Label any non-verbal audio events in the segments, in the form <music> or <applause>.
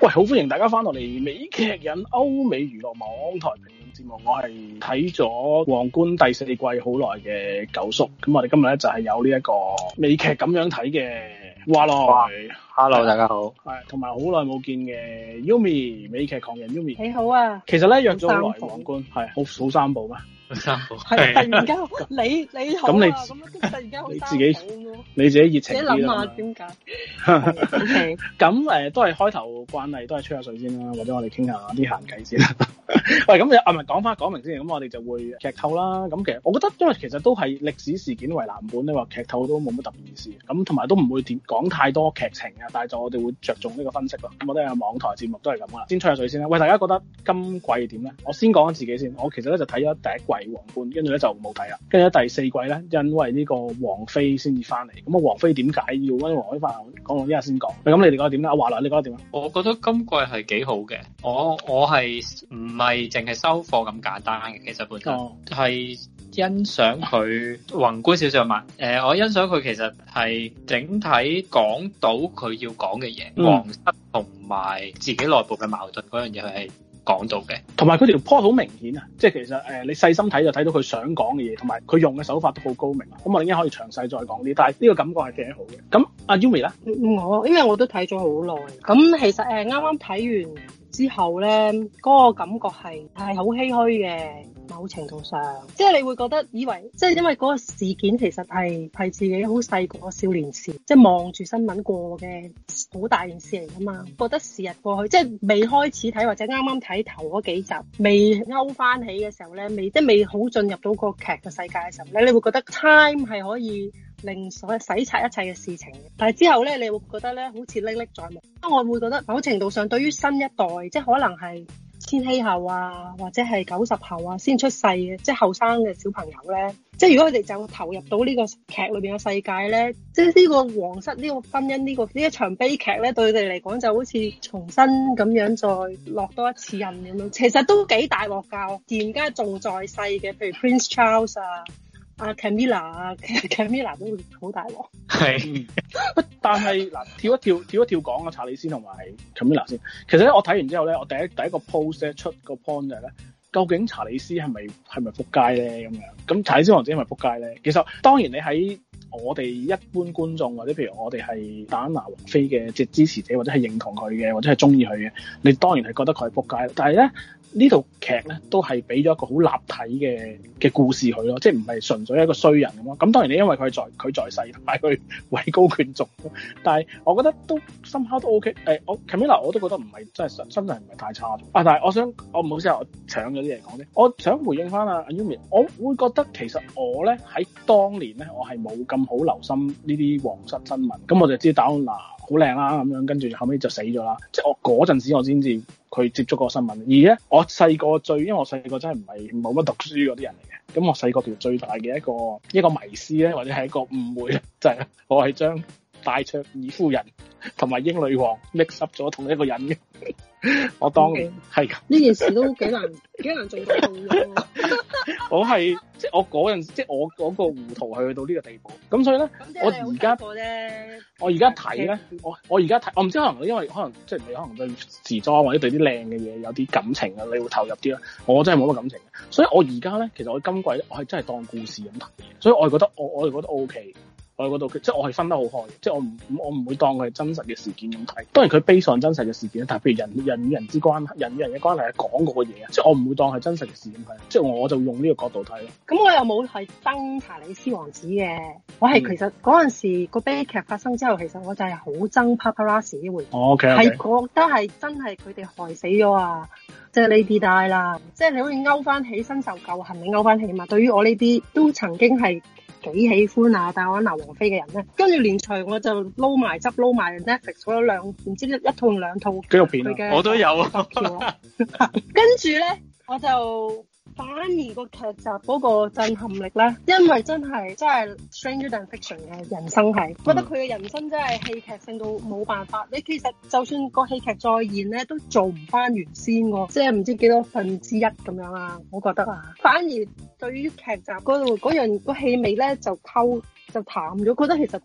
喂，好歡迎大家翻落嚟美劇癮歐美娛樂網台評論節目，我係睇咗《王冠》第四季好耐嘅九叔，咁我哋今日咧就係有呢一個美劇咁樣睇嘅華萊，Hello 大家好，係同埋好耐冇見嘅 Yumi 美劇狂人 Yumi，你好啊，其實咧約咗好耐。王冠》三步，係好數三部啊。三個係突然間，你你好啊，咁啊你突然間好生好你自己熱情啲啦，自己諗下點解，熱情咁誒，都係開頭慣例，都係吹下水先啦，或者我哋傾下啲閒偈先啦。 <laughs> 喂，咁你，係咪講翻講明先，咁我哋就會劇透啦。咁其實我覺得，因為其實都係歷史事件為藍本，你話劇透都冇乜特別意思。咁同埋都唔會點講太多劇情啊，但係就我哋會着重呢個分析咯。咁我哋有網台節目都係咁噶啦，先吹下水先啦。喂，大家覺得今季點咧？我先講自己先，我其實咧就睇咗第一季。睇皇冠，跟住咧就冇睇啦。跟住喺第四季咧，因為呢個王妃先至翻嚟。咁啊，王妃點解要溫王妃翻？講我依家先講。咁你哋覺得點啊？阿華萊，你覺得點啊？我覺得今季係幾好嘅。我我係唔係淨係收貨咁簡單嘅？其實本身係欣賞佢宏觀少少嘛。誒，我欣賞佢其實係整體講到佢要講嘅嘢，王室同埋自己內部嘅矛盾嗰樣嘢，佢係。講到嘅，同埋佢條 plot 好明顯啊，即係其實誒、呃，你細心睇就睇到佢想講嘅嘢，同埋佢用嘅手法都好高明啊，咁我依家可以詳細再講啲，但係呢個感覺係幾好嘅。咁阿、啊、Yumi 咧，我因為我都睇咗好耐，咁其實誒，啱啱睇完之後咧，嗰、那個感覺係係好唏噓嘅。某程度上，即係你會覺得以為，即係因為嗰個事件其實係係自己好細個少年時，即係望住新聞過嘅好大件事嚟噶嘛。覺得時日過去，即係未開始睇或者啱啱睇頭嗰幾集，未勾翻起嘅時候咧，未即係未好進入到個劇嘅世界嘅時候咧，你會覺得 time 係可以令所謂洗刷一切嘅事情。但係之後咧，你會覺得咧好似歷歷在目。我會覺得某程度上，對於新一代，即係可能係。千禧後啊，或者係九十後啊，先出世嘅，即係後生嘅小朋友咧，即係如果佢哋就投入到呢個劇裏邊嘅世界咧，即係呢個皇室、呢個婚姻、呢個呢一場悲劇咧，對佢哋嚟講就好似重新咁樣再落多一次印咁樣，其實都幾大鑊教，而家仲在世嘅，譬如 Prince Charles 啊。啊 Camila 啊 Camila 都好大鑊。係，但係嗱，跳一跳跳一跳講啊查理斯同埋 Camila 先。其實咧我睇完之後咧，我第一第一個 post 出個 point 就係、是、咧，究竟查理斯係咪係咪撲街咧咁樣？咁查理斯王子係咪撲街咧？其實當然你喺我哋一般觀眾或者譬如我哋係打拿王妃嘅即支持者或者係認同佢嘅或者係中意佢嘅，你當然係覺得佢係撲街，但係咧。劇呢套劇咧都係俾咗一個好立體嘅嘅故事佢咯，即係唔係純粹一個衰人咁咯。咁當然你因為佢在佢在世，同埋佢位高權重。但係我覺得都深刻都 OK、欸。誒，我 Camilla 我都覺得唔係真係真身唔係太差。啊，但係我想我唔好意思，我搶咗啲嘢講先。我想回應翻啊，Yumi，我會覺得其實我咧喺當年咧，我係冇咁好留心呢啲皇室新聞。咁我就知道戴安娜好靚啦，咁樣跟住後尾就死咗啦。即係我嗰陣時我知，我先至。佢接觸過新聞，而呢，我細個最，因為我細個真係唔係冇乜讀書嗰啲人嚟嘅，咁我細個條最大嘅一個一個迷思呢，或者係一個誤會，呢、就係，就係我係將。戴卓爾夫人同埋英女王 mix 咗同一個人嘅，我當年係咁，呢件事都幾難，幾難做到。我係即係我嗰陣，即係我嗰個糊塗係去到呢個地步。咁所以咧，我而家我而家睇咧，我我而家睇，我唔知可能因為可能即係你可能對時裝或者對啲靚嘅嘢有啲感情啊，你會投入啲啦。我真係冇乜感情，所以我而家咧，其實我今季咧，我係真係當故事咁睇，所以我係覺得我我係覺得 OK。我喺嗰度，即係我係分得好開，即係我唔，我唔會當佢係真實嘅事件咁睇。當然佢悲上真實嘅事件但係譬如人人與人之關係人與人嘅關係係講個嘢啊，即係我唔會當係真實嘅事咁睇，即係我就用呢個角度睇咯。咁、嗯、我又冇係憎查理斯王子嘅，我係其實嗰陣時候、嗰個悲劇發生之後，其實我就係好憎 Paparazzi 呢回事，係、哦 okay, okay、覺得係真係佢哋害死咗啊！即係 Lady Di 啦，即、就、係、是、你會勾翻起身受舊恨，你勾翻起嘛。對於我呢啲都曾經係。幾喜歡啊！但戴安娜王妃嘅人呢、啊。跟住連隨我就撈埋執撈埋 Netflix，我有兩唔知一一,一套兩套紀錄片、啊，的我都有啊。跟住呢，我就。反而個劇集嗰個震撼力咧，因為真係真係 stranger than fiction 嘅人生係，覺得佢嘅人生真係戲劇性到冇辦法。你其實就算個戲劇再現咧，都做唔翻原先個，即係唔知幾多分之一咁樣啊。我覺得啊，反而對於劇集嗰度嗰樣個氣味咧，就偷，就淡咗。覺得其實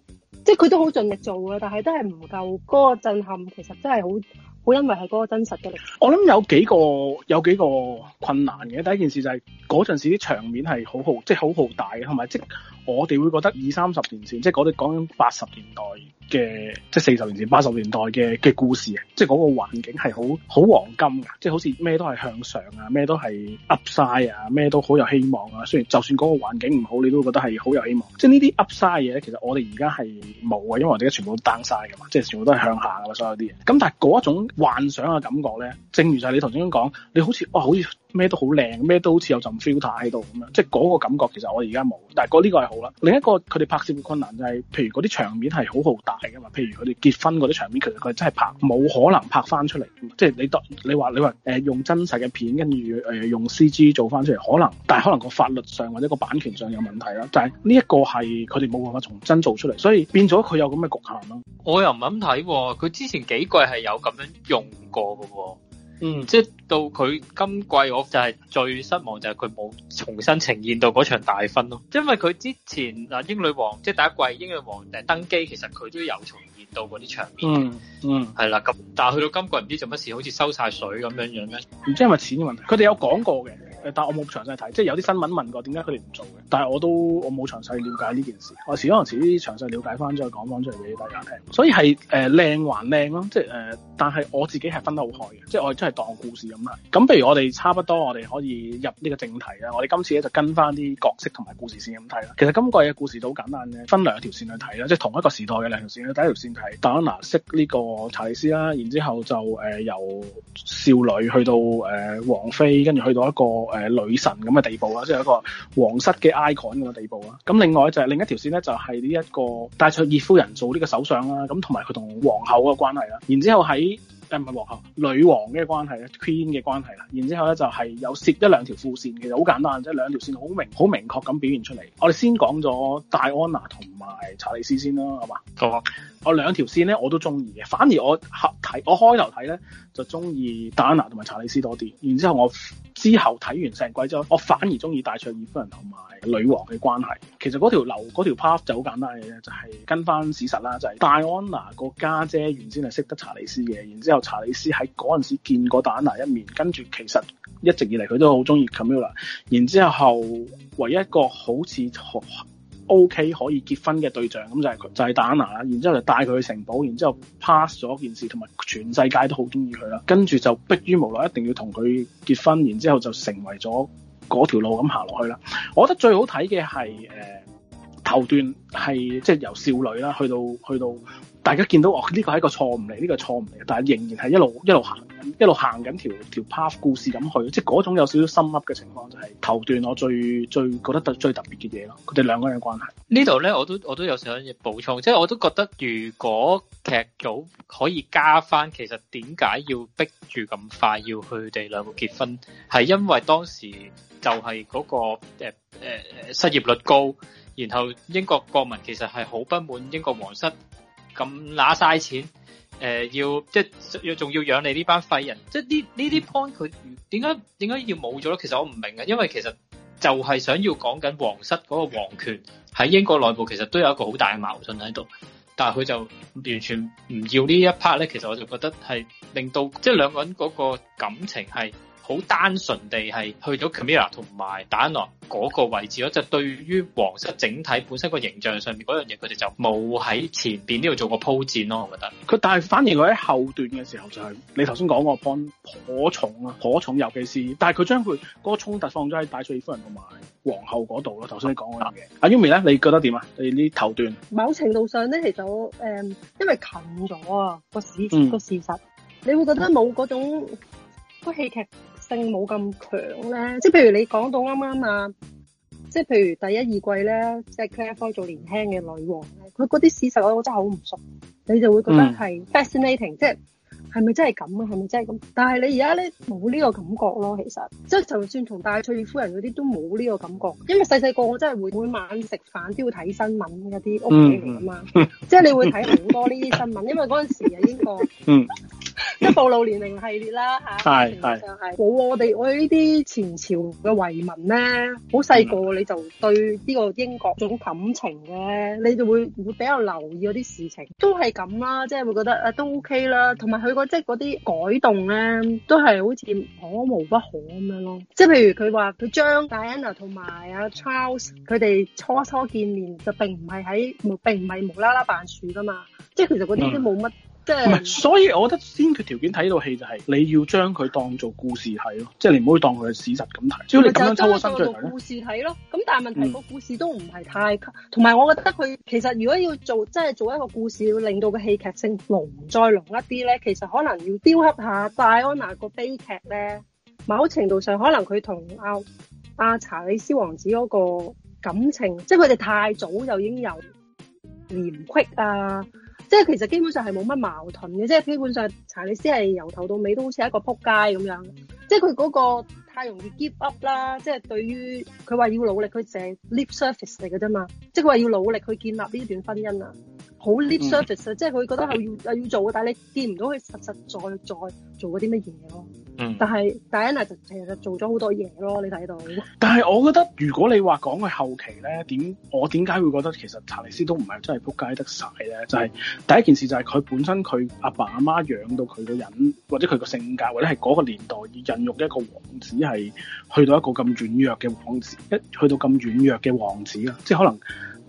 即係佢都好盡力做嘅，但係都係唔夠嗰個震撼，其實真係好。好，因為係嗰個真實嘅，我諗有幾個有幾個困難嘅。第一件事就係嗰陣時啲場面係好浩，即係好浩大嘅，同埋即。我哋會覺得二三十年前，即係我哋講緊八十年代嘅，即係四十年前八十年代嘅嘅故事啊！即係嗰個環境係好好黃金嘅，即係好似咩都係向上啊，咩都係 upside 啊，咩都好有希望啊。雖然就算嗰個環境唔好，你都會覺得係好有希望。即係呢啲 upside 嘢咧，其實我哋而家係冇啊，因為我哋而家全部 downside 噶嘛，即係全部都係向下噶嘛，所有啲嘢。咁但係嗰一種幻想嘅感覺咧，正如就係你頭先講，你好似哇、哦，好似～咩都，都好靚，咩都好似有陣 filter 喺度咁樣，即係嗰個感覺其實我而家冇，但係呢個係好啦。另一個佢哋拍攝嘅困難就係、係，譬如嗰啲場面係好浩大㗎嘛。譬如佢哋結婚嗰啲場面，其實佢真係拍冇可能拍翻出嚟。即係你當你話你話、呃、用真實嘅片，跟、呃、住用 CG 做翻出嚟可能，但係可能個法律上或者個版權上有問題啦。但係呢一個係佢哋冇辦法從真做出嚟，所以變咗佢有咁嘅局限咯。我又唔肯睇喎，佢之前幾季係有咁樣用過㗎喎、哦。嗯，即係到佢今季，我就係最失望就係佢冇重新呈現到嗰場大婚咯。因為佢之前嗱英女王，即係第一季英女王誒登基，其實佢都有重現到嗰啲場面嘅，嗯。嗯嗯，係啦，咁但係去到今季唔知做乜事，好似收晒水咁樣樣咧。唔知係咪錢嘅問題？佢哋有講過嘅。但我冇詳細睇，即係有啲新聞問過點解佢哋唔做嘅，但係我都我冇詳細了解呢件事，我遲啲可能遲啲詳細瞭解翻再講翻出嚟畀大家聽。所以係誒靚還靚咯，即係誒、呃，但係我自己係分得好開嘅，即係我哋真係當故事咁啦。咁譬如我哋差不多，我哋可以入呢個正題啦。我哋今次咧就跟翻啲角色同埋故事線咁睇啦。其實今季嘅故事都好簡單嘅，分兩條線去睇啦，即係同一個時代嘅兩條線啦。第一條線睇戴安娜識呢個查理斯啦，然之後就誒、呃、由少女去到誒、呃、王妃，跟住去到一個。誒女神咁嘅地步啦，即係一個皇室嘅 icon 咁嘅地步啦。咁另外就係、是、另一條線咧，就係呢一個戴卓爾夫人做呢個首相啦。咁同埋佢同皇后嘅關係啦，然之後喺誒唔係皇后，女王嘅關係咧，Queen 嘅關係啦。然之後咧就係有攝一兩條副線，其實好簡單，即係兩條線好明好明確咁表現出嚟。我哋先講咗戴安娜同埋查理斯先啦，吧好嘛？我我兩條線咧我都中意嘅，反而我睇我開頭睇咧。就中意戴安娜同埋查理斯多啲，然之後我之後睇完成季之後，我反而中意戴卓爾夫人同埋女王嘅關係。其實嗰條路嗰條 plot 就好簡單嘅啫，就係跟翻事實啦。就係戴安娜個家姐原先係識得查理斯嘅，然之後查理斯喺嗰陣時見過戴安娜一面，跟住其實一直以嚟佢都好中意卡米拉，然之後唯一一個好似 O.K. 可以結婚嘅對象，咁就係佢，就係 Dana 啦。然之後就帶佢去城堡，然之後 pass 咗件事，同埋全世界都好中意佢啦。跟住就迫於無奈，一定要同佢結婚，然之後就成為咗嗰條路咁行落去啦。我覺得最好睇嘅係誒頭段係即係由少女啦，去到去到。大家見到哦，呢個係一個錯誤嚟，呢個錯誤嚟，但係仍然係一路一路行，一路行緊條條 path 故事咁去，即係嗰種有少少心鬱嘅情況，就係頭段我最最覺得最特別嘅嘢咯。佢哋兩個人嘅關係呢度咧，我都我都有想補充，即係我都覺得如果劇組可以加翻，其實點解要逼住咁快要佢哋兩個結婚，係因為當時就係嗰個誒誒誒失業率高，然後英國國民其實係好不滿英國王室。咁拿晒錢，呃、要即係要仲要養你呢班廢人，即係呢呢啲 point 佢點解點解要冇咗咧？其實我唔明嘅，因為其實就係想要講緊皇室嗰個皇權喺英國內部其實都有一個好大嘅矛盾喺度，但係佢就完全唔要一呢一 part 咧。其實我就覺得係令到即係兩個人嗰個感情係。好單純地係去咗 Camilla 同埋 Diana 嗰個位置咯，就對於皇室整體本身個形象上面嗰樣嘢，佢哋就冇喺前面呢度做過鋪墊咯。我覺得佢，但係反而佢喺後段嘅時候就係、是、你頭先講個 point 頗重啊頗重，尤其是，但係佢將佢嗰個衝突放咗喺戴卓爾夫人同埋皇后嗰度咯。頭先你講嗰樣，嘢、啊，阿 Yumi 咧，你覺得點啊？你呢頭段某程度上咧，其實誒，因為近咗啊個事個事實，嗯、你會覺得冇嗰種個戲劇性冇咁強咧，即係譬如你講到啱啱啊，即係譬如第一二季咧，即係 Claire Foy 做年輕嘅女王，佢嗰啲事實我真係好唔熟，你就會覺得係 fascinating，、嗯、即係係咪真係咁啊？係咪真係咁？但係你而家咧冇呢個感覺咯，其實即係就算同戴卓爾夫人嗰啲都冇呢個感覺，因為細細個我真係會每晚食飯都要睇新聞嗰啲屋企人啊嘛，嗯、即係你會睇好多呢啲新聞，嗯、因為嗰陣時係英國嗯。 <laughs> 即係暴露年齡系列啦吓，係係冇我哋我呢啲前朝嘅遺民咧，好細個你就對呢個英國有種感情嘅，你就會會比較留意嗰啲事情，都係咁啦，即係會覺得、啊、都 OK 啦。同埋佢個即係嗰啲改動咧，都係好似可無不可咁樣咯。即係譬如佢話佢將 Diana 同埋阿 Charles 佢哋初初見面就並唔係喺並唔係無啦啦扮樹噶嘛，即係其實嗰啲都冇乜。唔係，所以我覺得先決條件睇呢套戲就係你要將佢當做故事睇咯，即、就是、你唔可以當佢係史實咁睇。只要你咁樣抽個身出嚟，就當做故事睇咯。咁但係問題個故事都唔係太同埋，嗯、還有我覺得佢其實如果要做即係做一個故事，要令到個戲劇性濃再濃一啲咧，其實可能要雕刻下戴安娜個悲劇咧。某程度上可能佢同阿阿查理斯王子嗰個感情，即係佢哋太早就已經有嫌隙啊。即係其實基本上係冇乜矛盾嘅，即係基本上查理斯係由頭到尾都好似一個仆街咁樣，即係佢嗰個太容易 give up 啦，即係對於佢話要努力，佢淨係 lip service 嚟嘅啫嘛，即係佢話要努力去建立呢段婚姻啊，好 lip service 啊，即係佢覺得係要要做嘅，但係你見唔到佢實實在在做嗰啲乜嘢咯。嗯，但係戴安娜就其實就做咗好多嘢咯，你睇到。但係我覺得如果你話講佢後期咧，點我點解會覺得其實查理斯都唔係真係仆街得晒咧？就係、是、第一件事就係佢本身佢阿爸阿媽養到佢個人，或者佢個性格，或者係嗰個年代以孕育一個王子係去到一個咁軟弱嘅王子，一去到咁軟弱嘅王子啊，即、就、係、是、可能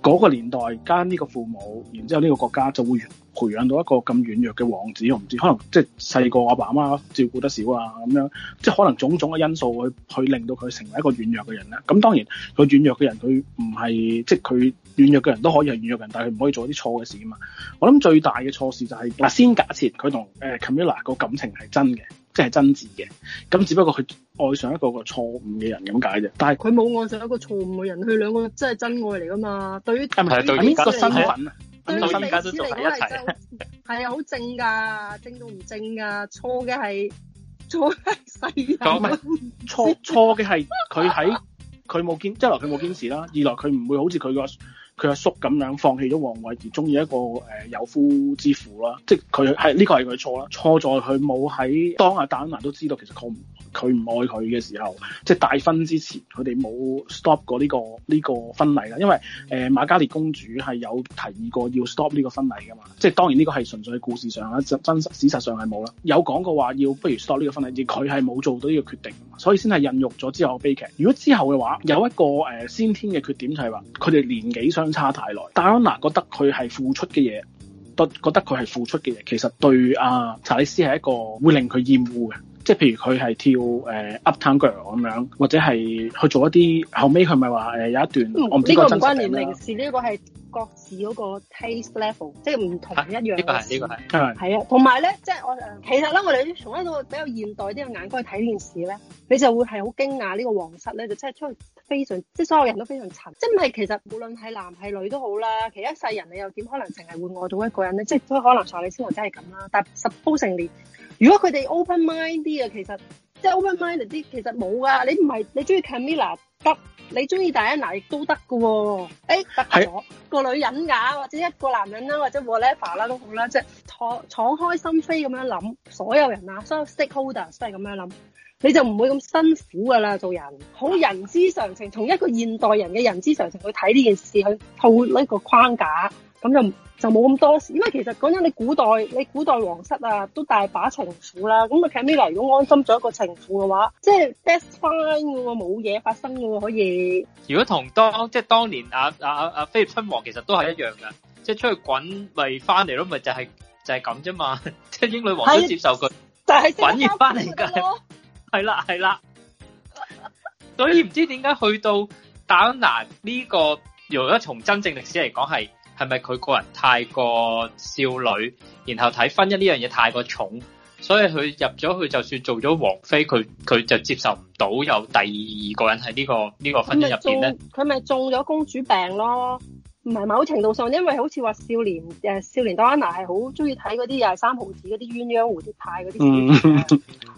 嗰個年代加呢個父母，然之後呢個國家就會培養到一個咁軟弱嘅王子，我唔知，可能即係細個阿爸阿媽照顧得少啊，咁樣即係可能種種嘅因素去去令到佢成為一個軟弱嘅人咧。咁當然，佢軟弱嘅人佢唔係即係佢軟弱嘅人都可以係軟弱人，但係佢唔可以做啲錯嘅事啊嘛。我諗最大嘅錯事就係，嗱，先假設佢同誒 Camilla 個感情係真嘅，即係真摯嘅，咁只不過佢愛上一個個錯誤嘅人咁解啫。但係佢冇愛上一個錯誤嘅人，人，佢兩個真係真愛嚟噶嘛？對於係咪，係對個身份啊？都一對歷史嚟講係係，啊，好正噶，正到唔正噶，錯嘅係錯係細人，錯錯嘅係佢喺佢冇堅，堅 <laughs> 一來佢冇堅持啦。二來佢唔會好似佢個佢阿叔咁樣放棄咗皇位而中意一個誒有夫之婦啦。即係佢係呢個係佢錯啦，錯在佢冇喺當阿戴安娜都知道其實佢唔愛佢嘅時候，即係大婚之前，佢哋冇 stop 過呢、呢個呢、呢個婚禮啦。因為誒、呃、瑪嘉烈公主係有提議過要 stop 呢個婚禮嘅嘛。即係當然呢個係純粹故事上啦，真實事實上係冇啦。有講過話要不如 stop 呢個婚禮，而佢係冇做到呢個決定的嘛，所以先係孕育咗之後嘅悲劇。如果之後嘅話，有一個誒先天嘅缺點就係話，佢哋年紀相差太耐。戴安娜覺得佢係付出嘅嘢，都覺得佢係付出嘅嘢，其實對啊查理斯係一個會令佢厭惡嘅。即係譬如佢係跳誒 uptown girl 咁樣，呃、 <music> 或者係去做一啲後尾佢咪話誒有一段，嗯、我唔知，呢個唔關年齡事，呢個係。各自嗰個 taste level，即係唔同一樣。呢個係呢個係，係啊，同埋咧，即、這、係、個嗯就是、我其實咧，我哋從一個比較現代啲嘅眼光去睇件事咧，你就會係好驚訝呢個皇室咧，就真係出去，非常，即係所有人都非常陳。真係其實無論係男係女都好啦，其實一世人你又點可能淨係會愛到一個人咧？即係都可能查你先，王真係咁啦。但十鋪成年，如果佢哋 open mind 啲嘅，其實即係 open mind 啲，其實冇噶、啊。你唔係你中意 Camilla。得，你中意戴安娜亦都得噶喎。得咗個女人㗎、啊，或者一個男人啦、啊，或者 whatever 啦、啊、都好啦，即係敞敞開心扉咁樣諗，所有人啊，所有 stakeholder 都係咁樣諗，你就唔會咁辛苦噶啦，做人好人之常情，同一個現代人嘅人之常情去睇呢件事，去套呢個框架。咁就就冇咁多事，因為其實講真，你古代你古代皇室啊都大把情婦啦，咁啊 Camilla 如果安心做一個情婦嘅話，即係 That's fine 㗎喎，冇嘢發生嘅喎，可以。如果同當即係當年啊啊啊啊菲臘親王其實都係一樣㗎，即係出去滾咪翻嚟咯，咪就係就係咁啫嘛，即係英女王都接受佢，就係，滾完翻嚟㗎，係啦係啦。 <laughs> 所以唔知點解去到戴安娜呢個，如果從真正歷史嚟講係。係咪佢個人太過少女，然後睇婚姻呢樣嘢太過重，所以佢入咗去就算做咗王妃，佢佢就接受唔到有第二個人喺呢個呢個婚姻入邊咧？佢咪中咗公主病咯？唔係，某程度上，因為好似話少年誒、啊、少年 Diana 係好中意睇嗰啲又三毫子嗰啲鴛鴦蝴蝶派嗰啲書。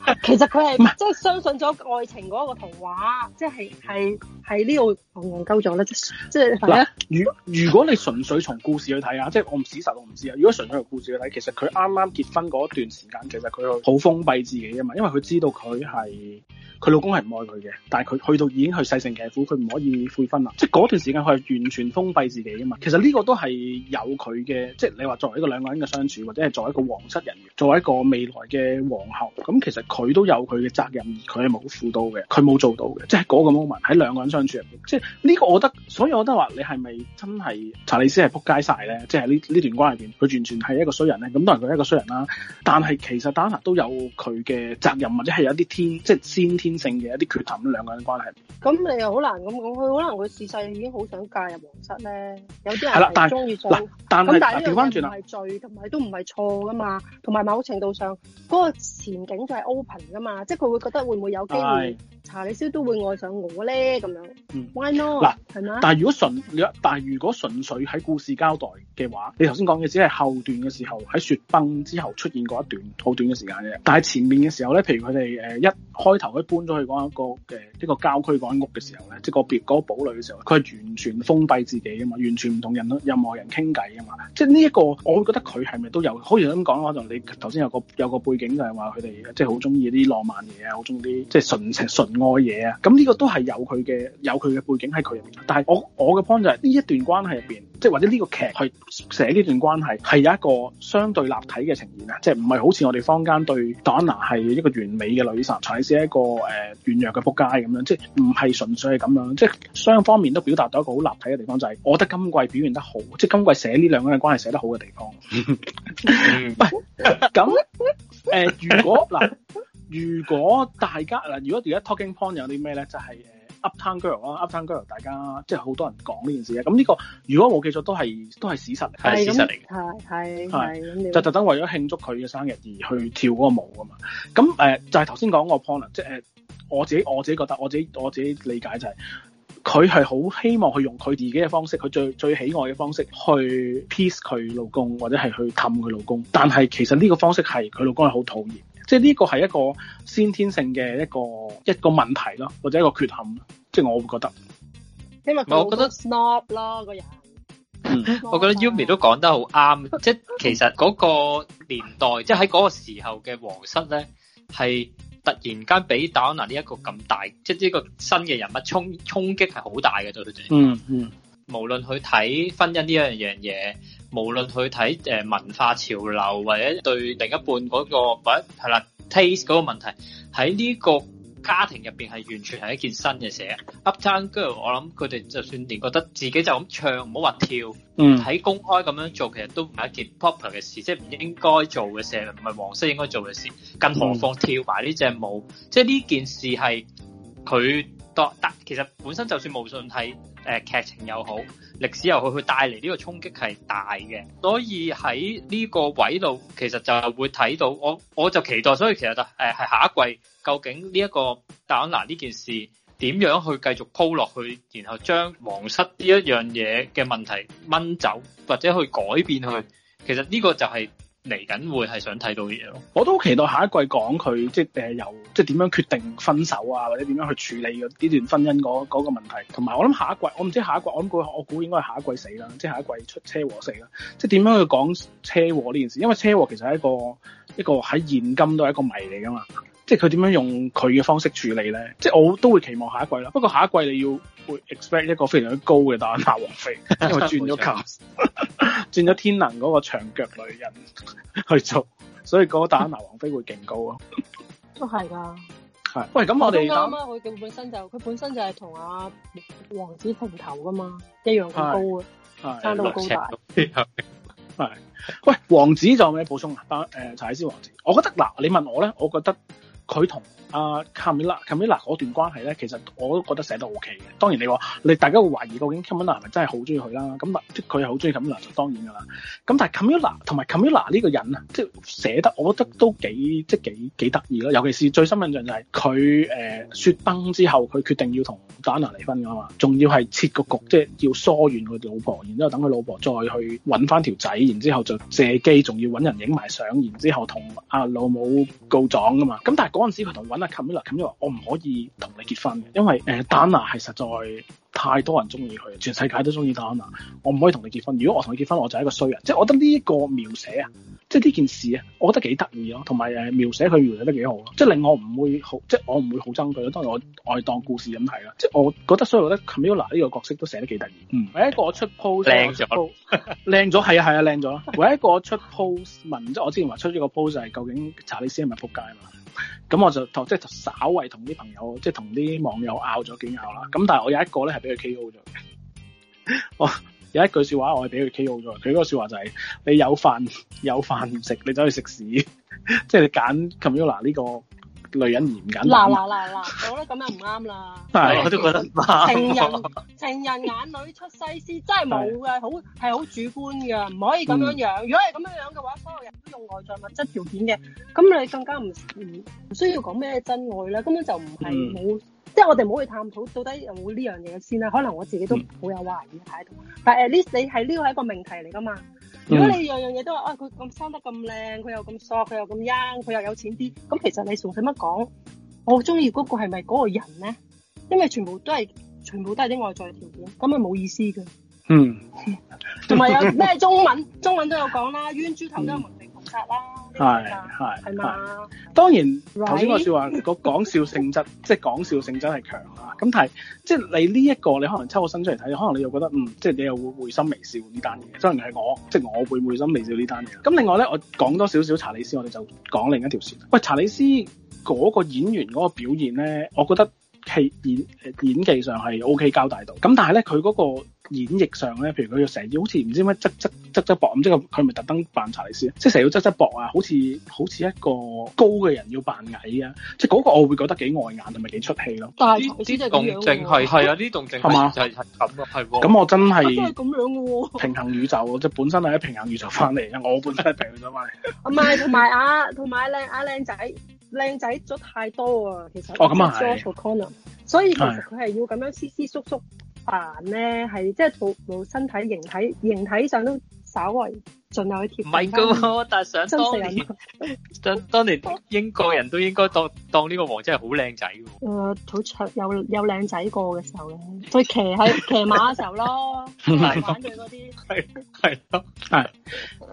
嗯、其實佢係即係相信咗愛情嗰個童話，即係係係呢度研究咗咧，即係如如果你純粹從故事去睇下，即係 <laughs> 我唔指實，我唔知啊。如果純粹從故事去睇，其實佢啱啱結婚嗰段時間，其實佢好封閉自己啊嘛，因為佢知道佢係佢老公係唔愛佢嘅，但係佢去到已經去勢成騎虎，佢唔可以悔婚啦。即係嗰段時間，佢係完全封閉自己的。其實呢個都係有佢嘅，即係你話作為一個兩個人嘅相處，或者係作為一個皇室人員，作為一個未來嘅皇后，咁其實佢都有佢嘅責任，而佢係冇負到嘅，佢冇做到嘅，即係嗰個 moment 喺兩個人相處入邊，即係呢個我覺得，所以我覺得話你係咪真係查理斯係仆街晒咧？即係呢呢段關係入邊，佢完全係一個衰人咧。咁當然佢係一個衰人啦，但係其實達娜都有佢嘅責任，或者係有啲天即係先天性嘅一啲缺陷，兩個人嘅關係。咁你又好難咁講，佢可能佢事實已經好想介入皇室咧。有啲人係中意做，咁但係調翻轉啊，唔係罪，同埋都唔係錯噶嘛，同埋某程度上嗰個前景就係 open 噶嘛，即係佢會覺得會唔會有機會？查理斯都會愛上我咧咁樣、嗯、why not？嗱喇，係嘛吧？但係如果純但係如果純粹喺故事交代嘅話，你頭先講嘅只係後段嘅時候喺雪崩之後出現過一段好短嘅時間啫。但係前面嘅時候咧，譬如佢哋誒一開頭佢搬咗去嗰、那、一個誒呢、這個郊區嗰間屋嘅時候咧，即係個別嗰個堡壘嘅時候，佢係、嗯、完全封閉自己嘅嘛，完全唔同人咯，任何人傾偈嘅嘛。即係呢一個，我會覺得佢係咪都有好似咁講？可能你頭先有個有個背景就係話佢哋即係好中意啲浪漫嘢啊，好中意啲即係純情純。純愛嘢啊，咁呢個都係有佢嘅有佢嘅背景喺佢入邊。但係我我嘅 point 就係呢一段關係入邊，即係或者呢個劇去寫呢段關係係有一個相對立體嘅呈現啊，即係唔係好似我哋坊間對戴安娜係一個完美嘅女神，查理斯一個誒軟、呃、弱嘅仆街咁樣，即係唔係純粹係咁樣，即係雙方面都表達到一個好立體嘅地方。就係、是、我覺得今季表現得好，即係今季寫呢兩樣嘅關係寫得好嘅地方。唔咁誒，如果嗱。如果大家嗱，如果而家 talking point 有啲咩咧，就係、是、誒 Uptown Girl 啦，Uptown Girl 大家即係好多人講呢件事嘅，咁呢、這個如果我記錯都係都係史實，係的史實嚟嘅，係係係就特登為咗慶祝佢嘅生日而去跳嗰個舞啊嘛，咁誒、呃、就係頭先講個 point，即係誒我自己我自己覺得我自己我自己理解就係、是。佢係好希望佢用佢自己嘅方式，佢最最喜愛嘅方式去 piece 佢老公，或者係去氹佢老公。但係其實呢個方式係佢老公係好討厭，即係呢個係一個先天性嘅一個一個問題咯，或者一個缺陷咯，即係我會覺得。因為我覺得,得 snob 咯、那個人。嗯，我覺得 Yumi 都講得好啱，即係其實嗰個年代，即係喺嗰個時候嘅皇室咧係。突然間俾戴安娜呢一個咁大，即係呢個新嘅人物衝衝擊係好大嘅，對佢哋。嗯嗯，無論佢睇婚姻呢樣嘢，無論佢睇誒文化潮流，或者對另一半嗰個或者係啦 taste 嗰個問題，喺呢個。家庭入邊係完全係一件新嘅事。Uptown Girl，我諗佢哋就算連覺得自己就咁唱，唔好話跳，喺、嗯、公開咁樣做，其實都唔係一件 proper 嘅事，即係唔應該做嘅事，唔係黃色應該做嘅事。更何況跳埋呢隻舞，嗯、即係呢件事係佢其實本身就算無信。係。誒劇情又好，歷史又好，佢帶嚟呢個衝擊係大嘅，所以喺呢個位度其實就係會睇到我，我就期待。所以其實誒係下一季，究竟呢一個戴安娜呢件事點樣去繼續鋪落去，然後將王室呢一樣嘢嘅問題掹走，或者去改變佢，其實呢個就係、是。嚟緊會係想睇到嘢咯，我都期待下一季講佢即係誒由即係點樣決定分手啊，或者點樣去處理呢段婚姻嗰、嗰個問題。同埋我諗下一季，我唔知下一季，我諗我估應該係下一季死啦，即係下一季出車禍死啦。即係點樣去講車禍呢件事？因為車禍其實係一個一個喺現今都係一個謎嚟㗎嘛。即係佢點樣用佢嘅方式處理咧？即係我都會期望下一季啦。不過下一季你要會 expect 一個非常之高嘅戴安娜王妃，因為轉咗 cast，轉咗 <laughs> 想 <laughs> 天能嗰個長腳女人去做，所以嗰戴安娜王妃會勁高咯。都係噶，係。 <laughs> 喂，咁我哋啱啱佢本身就，佢本身就係同阿王子碰頭噶嘛，一樣咁高嘅，是是是差到高大。係。 <laughs> 喂，王子仲有咩補充啊？班、呃、誒，查理斯王子，我覺得嗱，你問我咧，我覺得。佢同。阿卡米拉、卡米拉嗰段關係咧，其實我都覺得寫得 OK 嘅。當然你話，你大家會懷疑究竟卡米拉係咪真係好中意佢啦？咁嗱，即係佢係好中意卡米拉，他很喜歡 illa, 就當然噶啦。咁但係卡米拉同埋卡米拉呢個人啊，即係寫得，我覺得都幾即係幾幾得意咯。尤其是最新印象就係佢誒雪崩之後，佢決定要同戴安娜離婚噶嘛，仲要係設個局，即係要疏遠佢老婆，然之後等佢老婆再去揾翻條仔，然之後就借機仲要揾人影埋相，然之後同阿老母告狀噶嘛。咁但係嗰陣時佢同咁 k e n 又話，k e n 又話我唔可以同你結婚，因為誒 d a n a 係實在，太多人中意佢，全世界都中意他。戴安娜，我唔可以同你結婚。如果我同你結婚，我就係一個衰人。即係我覺得呢一個描寫啊，嗯、即係呢件事啊，我覺得幾得意咯。同埋誒描寫佢描寫得幾好咯。即係令我唔會好，即係我唔會好憎佢咯。當然我愛當故事咁睇啦。即係我覺得所以，我覺得 Camilla 呢個角色都寫得幾得意。嗯、唯一一個我出 post，靚咗，靚咗係啊係啊靚咗唯一一個出 post 文， <laughs> 即係我之前話出咗個 post 係究竟查理斯係咪仆街啊嘛。咁我就即係稍為同啲朋友，即係同啲網友拗咗幾拗啦。咁、嗯、但係我有一個咧佢 KO 咗，哦，有一句說話我他 KO，我係俾佢 KO 咗。佢嗰個說話就係是：你有飯有飯唔食，你走去食屎。即 <laughs> 係你揀 Camilla 呢個女人唔緊，嗱嗱嗱嗱，我覺得咁又唔啱啦。係對對我都覺得，情人我情人眼裡出西施，真係冇嘅，好係好主觀嘅，唔可以咁樣樣。嗯、如果係咁樣樣嘅話，所有人都用外在物質條件嘅，咁你更加唔唔需要講咩真愛啦。根本就唔係冇。嗯即係我哋唔好去探討到底有冇呢樣嘢先啦，可能我自己都好有懷疑態度，但係誒，呢你係呢個係一個命題嚟噶嘛？如果你樣樣嘢都話哦，佢、哎、咁生得咁靚，佢又咁索，佢又咁 young，佢又有錢啲，咁其實你仲使乜講，我中意嗰個係咪嗰個人咧？因為全部都係全部都係啲外在條件，咁咪冇意思嘅。嗯，同埋 <laughs> 有咩中文？中文都有講啦，冤豬頭都有文明紅叉啦。嗯係係係，當然頭先 Right? 我說話、嗰個講笑性質， <laughs> 即係講笑性質係強啊。咁但係即係你呢、這、一個，你可能抽個身出嚟睇，可能你又覺得嗯，即係你又會會心微笑呢單嘢。雖然係我，即係我會會心微笑呢單嘢。咁另外咧，我講多少少查理斯，我哋就講另一條線。喂，查理斯嗰個演員嗰個表現咧，我覺得戲演演技上係 O K 交帶到。咁但係咧，佢嗰、嗰個。演繹上咧，譬如佢要成日好似唔知咩側側側側膊咁，即係佢咪特登扮查理斯，即係成日要側側膊啊，好似好似一個高嘅人要扮矮啊，即係嗰個我會覺得幾礙眼同埋幾出戲咯。但係啲動靜係係啊，呢動靜係嘛係係咁啊，係喎。咁我真係咁樣平衡宇宙，即係本身係喺平衡宇宙翻嚟嘅，我本身係平衡宇宙翻嚟。唔係同埋啊，同埋阿靚阿靚仔靚仔咗太多啊，其實哦咁啊 Josh O'Connor 所以其實佢係要咁樣斯斯縮縮。扮咧，係即係做做身體形體形體上都稍為。仲有啲條唔係噶，但係想當年，當年，當年英國人都應該當當呢個王真係好靚仔嘅。誒、呃，好有有靚仔過嘅時候咧，佢騎喺騎馬嘅時候咯，唔係 <laughs> 玩佢嗰啲係係咯係。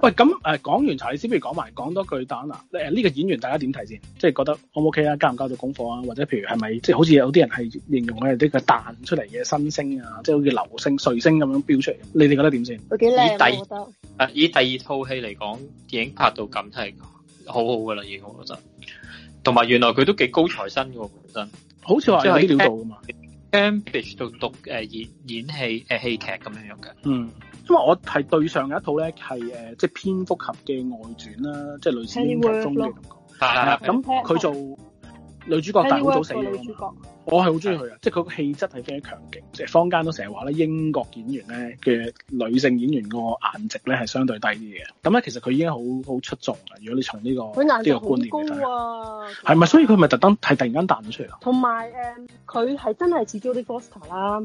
喂，咁誒，講、呃、完柴，你先不如講埋講多句戴啊！誒，呢、呃這個演員大家點睇先？即係覺得 O 唔 O K 啊？交唔交到功課啊？或者譬如係咪即係好似有啲人係形容佢哋呢個彈出嚟嘅新星啊，即、就、係、是、好似流星、碎星咁樣飆出嚟。你哋覺得點先？佢幾靚，呃、我覺得。誒，以第二套戲嚟講，電影拍到咁係好好噶啦，已經我覺得。同埋原來佢都幾高材生嘅，本身。好似話喺 Cambridge 度讀誒演演戲誒戲劇咁樣樣嘅。嗯，因為我係對上嘅一套咧係誒即係蝙蝠俠嘅外傳啦，即係類似英倫風嘅感覺。係啊，咁佢做。女主角但係好的早死咗啊！女主角我係好中意佢啊！的即係佢個氣質係非常強勁，成日坊間都成日話咧英國演員呢嘅女性演員個顏值呢係相對低啲嘅。咁呢，其實佢已經好好出眾嘅。如果你從呢、這個呢個、啊、觀念嚟睇，係咪、嗯、所以佢咪特登係突然間彈咗出嚟咯？同埋誒，佢、呃、係真係似 Jodie Foster 啦，